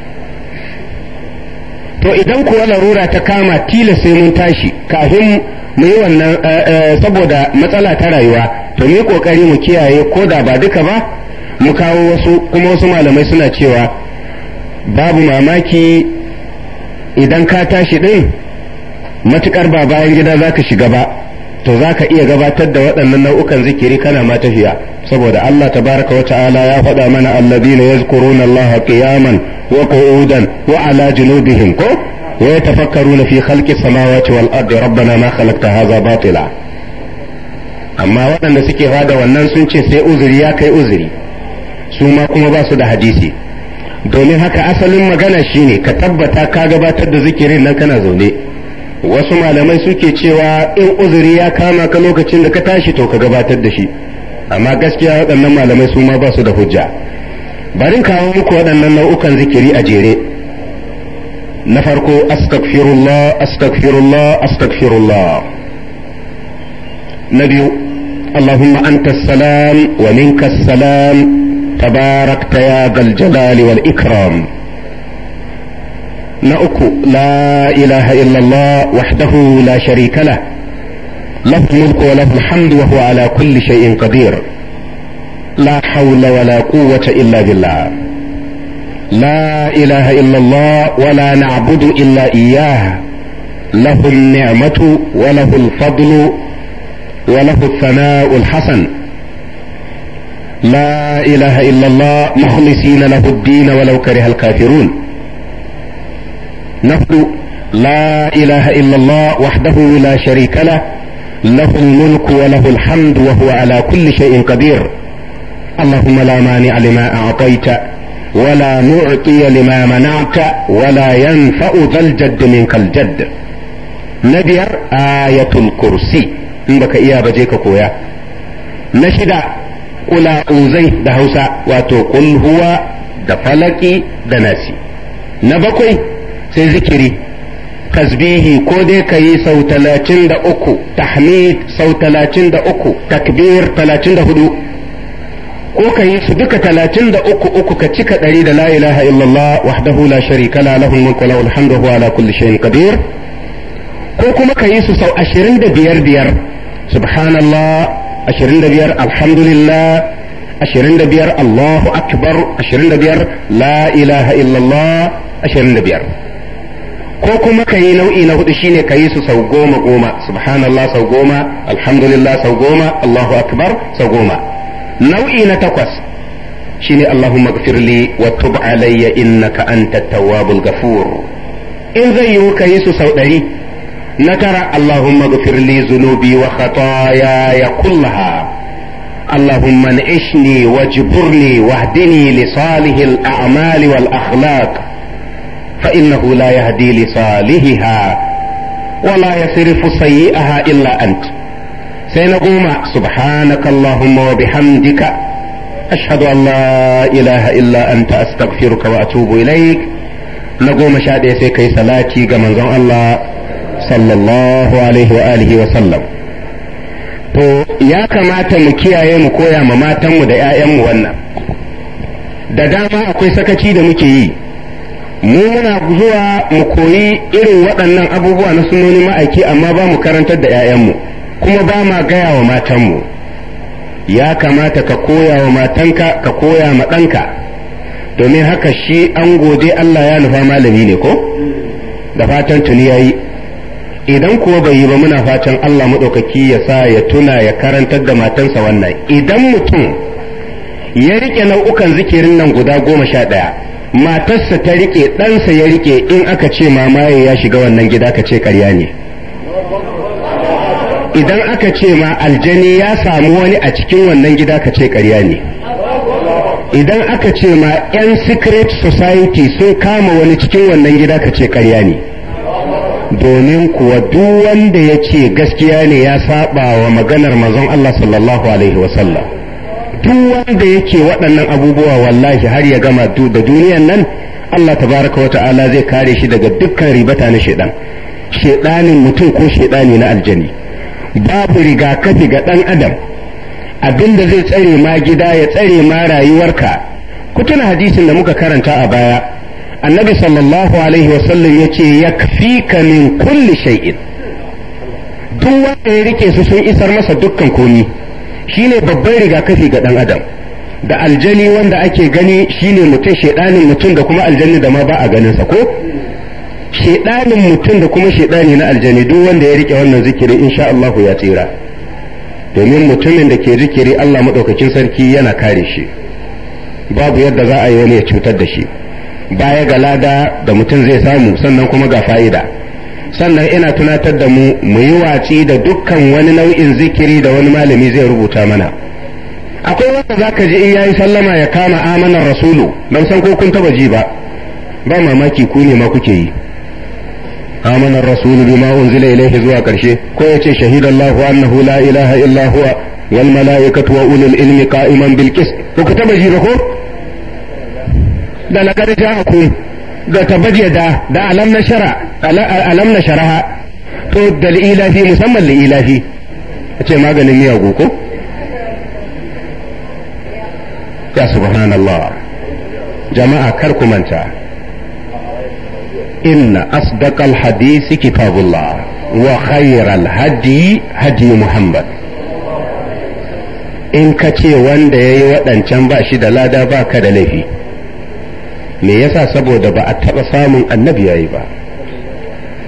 to idan kuwa larura ta kama tilas sai mun tashi kafin mu yi wannan eh, eh, saboda matsala ta rayuwa to mu yi kokari mu kiyaye ko da ba duka ba mu kawo wasu kuma wasu malamai suna cewa babu mamaki idan ka tashi din matukar ba bayan gida zaka shiga ba to zaka iya gabatar da waɗannan nau'ukan zikiri kana ma tafiya saboda Allah tabaraka wa ta'ala ya faɗa mana alladhina yazkuruna Allah qiyaman وقعودا وعلى جنوبهم كو ويتفكرون في خلق السماوات والأرض ربنا ما خلقت هذا باطلا amma waɗanda suke bada wannan sun ce sai uzuri ya kai uzuri su ma kuma ba da hadisi domin haka asalin magana shine ka tabbata ka gabatar da zikirin nan kana zaune wasu malamai suke cewa in uzuri ya kama ka lokacin da ka tashi to ka gabatar da shi amma gaskiya waɗannan malamai su ma ba su da hujja bari kawo muku waɗannan nau'ukan zikiri a jere na farko astaghfirullah astaghfirullah astaghfirullah na biyu allahumma anta salam wa minka salam tabarakta ya gal jalali wal ikram na uku la ilaha illallah wahdahu la sharika lah lahu mulku wa lahu alhamdu ala kulli shay'in qadir لا حول ولا قوة إلا بالله لا إله إلا الله ولا نعبد إلا إياه له النعمة وله الفضل وله الثناء الحسن لا إله إلا الله مخلصين له الدين ولو كره الكافرون نقول لا إله إلا الله وحده لا شريك له له الملك وله الحمد وهو على كل شيء قدير اللهم لا مانع لما أعطيت ولا معطي لما منعت ولا ينفع ذا الجد منك الجد نبير آية الكرسي in baka iya ba je ka koya na shida kula uzai da hausa wato kul da falaki da nasi na bakwai sai zikiri tasbihi ko dai ka yi sau talatin da uku tahmid sau talatin da uku takbir talatin da hudu ko ka yi su duka talatin da uku uku ka cika ɗari da la ilaha illallah wahdahu la sharika la lahul mulku lahul alhamdu huwa ala kulli shay'in qadir ko kuma ka yi su sau ashirin da biyar biyar subhanallah ashirin da biyar alhamdulillah ashirin da biyar allahu akbar ashirin da biyar la ilaha illallah ashirin da biyar ko kuma ka yi nau'i na hudu shine ka yi su sau goma goma subhanallah sau goma alhamdulillah sau goma allahu akbar sau goma نوعي نتقص شيني اللهم اغفر لي وتب علي إنك أنت التواب الغفور إن ذيوك يسو سوداري نترى اللهم اغفر لي ذنوبي وخطاياي كلها اللهم انعشني واجبرني واهدني لصالح الأعمال والأخلاق فإنه لا يهدي لصالحها ولا يصرف سيئها إلا أنت sai na goma subhanaka allahumma wa bihamdika ashhadu an la ilaha illa anta astaghfiruka wa atubu ilaik na goma sha ɗaya sai kai salati ga manzon Allah sallallahu alaihi wa alihi wa sallam to ya kamata mu kiyaye mu koya ma matan mu da mu wannan da dama akwai sakaci da muke yi mu muna zuwa mu koyi irin waɗannan abubuwa na sunoni ma'aiki amma ba mu karantar da mu. kuma ba ma gaya wa matanmu ya kamata ka koya wa matanka ka koya ma ɗanka domin haka shi an gode Allah ya nufa malami ne ko da fatan tuni ya yi idan kuwa bai yi ba muna fatan Allah maɗaukaki ya sa ya tuna ya karantar da matansa wannan idan mutum ya rike nau'ukan zikirin nan guda goma sha ɗaya matarsa ta rike ɗansa ya rike in aka ce mamaye ya shiga wannan gida ka ce karya ne idan aka ce ma aljani ya samu wani a cikin wannan gida ka ce ƙarya ne idan aka ce ma 'yan secret society sun kama wani cikin wannan gida ka ce ƙarya ne domin kuwa duk wanda ya ce gaskiya ne ya saba wa maganar mazan Allah sallallahu alaihi wasallam duk wanda yake waɗannan abubuwa wallahi har ya gama da duniyan nan Allah tabaraka wa ta'ala zai kare shi daga dukkan ribata na shaidan shaidanin mutum ko shaidani na aljani babu rigakafi ga ɗan adam abinda zai tsare ma gida ya tsare ma rayuwarka ku tuna hadisin da muka karanta a baya annabi sallallahu alaihi wasallam ya ce ya ka min kulli shay'in duk wanda ya rike su sun isar masa dukkan komi shine babban rigakafi ga ɗan adam da aljani wanda ake gani shine mutum shaidanin mutum da kuma aljanni da ma ba a ganinsa ko shedanin mutum da kuma shedani na aljani duk wanda ya rike wannan zikiri insha Allah ya tsira domin mutumin da ke zikiri Allah madaukakin sarki yana kare shi babu yadda za a yi wani ya cutar da shi baya ga lada da mutum zai samu sannan kuma ga fa'ida sannan ina tunatar da mu mu yi watsi da dukkan wani nau'in zikiri da wani malami zai rubuta mana akwai wanda za ka ji in ya yi sallama ya kama amanar rasulu ban san ko kun taba ji ba ba mamaki ku ne ma kuke yi amana rasul bima unzila ilayhi zuwa karshe ko yace shahidallahu annahu la ilaha illa huwa wal malaikatu ulul ilmi qa'iman bil ko ka taba ko da na garja ku da tabaje da da alam na shara alam na sharaha to dal ilafi musamman li ilafi ce maganin miyagu ko ya subhanallah jama'a kar ku manta Inna أصدق Hadisi كتاب wa وخير الهدي هدي Muhammad. in ka ce wanda ya yi waɗancan ba shi da lada ba ka da laifi me yasa saboda ba a taɓa samun annabi yayi ba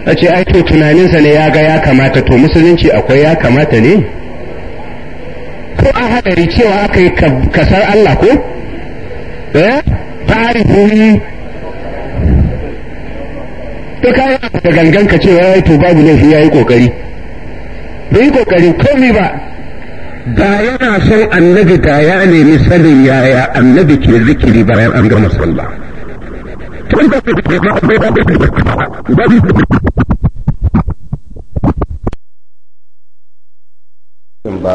a ce ai to tunaninsa ne ya ga ya kamata to musulunci akwai ya kamata ne ko an haɗari cewa aka yi kasar Allah ko? eh? ta'arifu sai ka yi da gangan ka cewa ya yi to babu laifi ya yi kokari bai yi kokarin komi ba da yana son annabi da ya nemi sanin yaya annabi ke zikiri bayan an gama sallah ba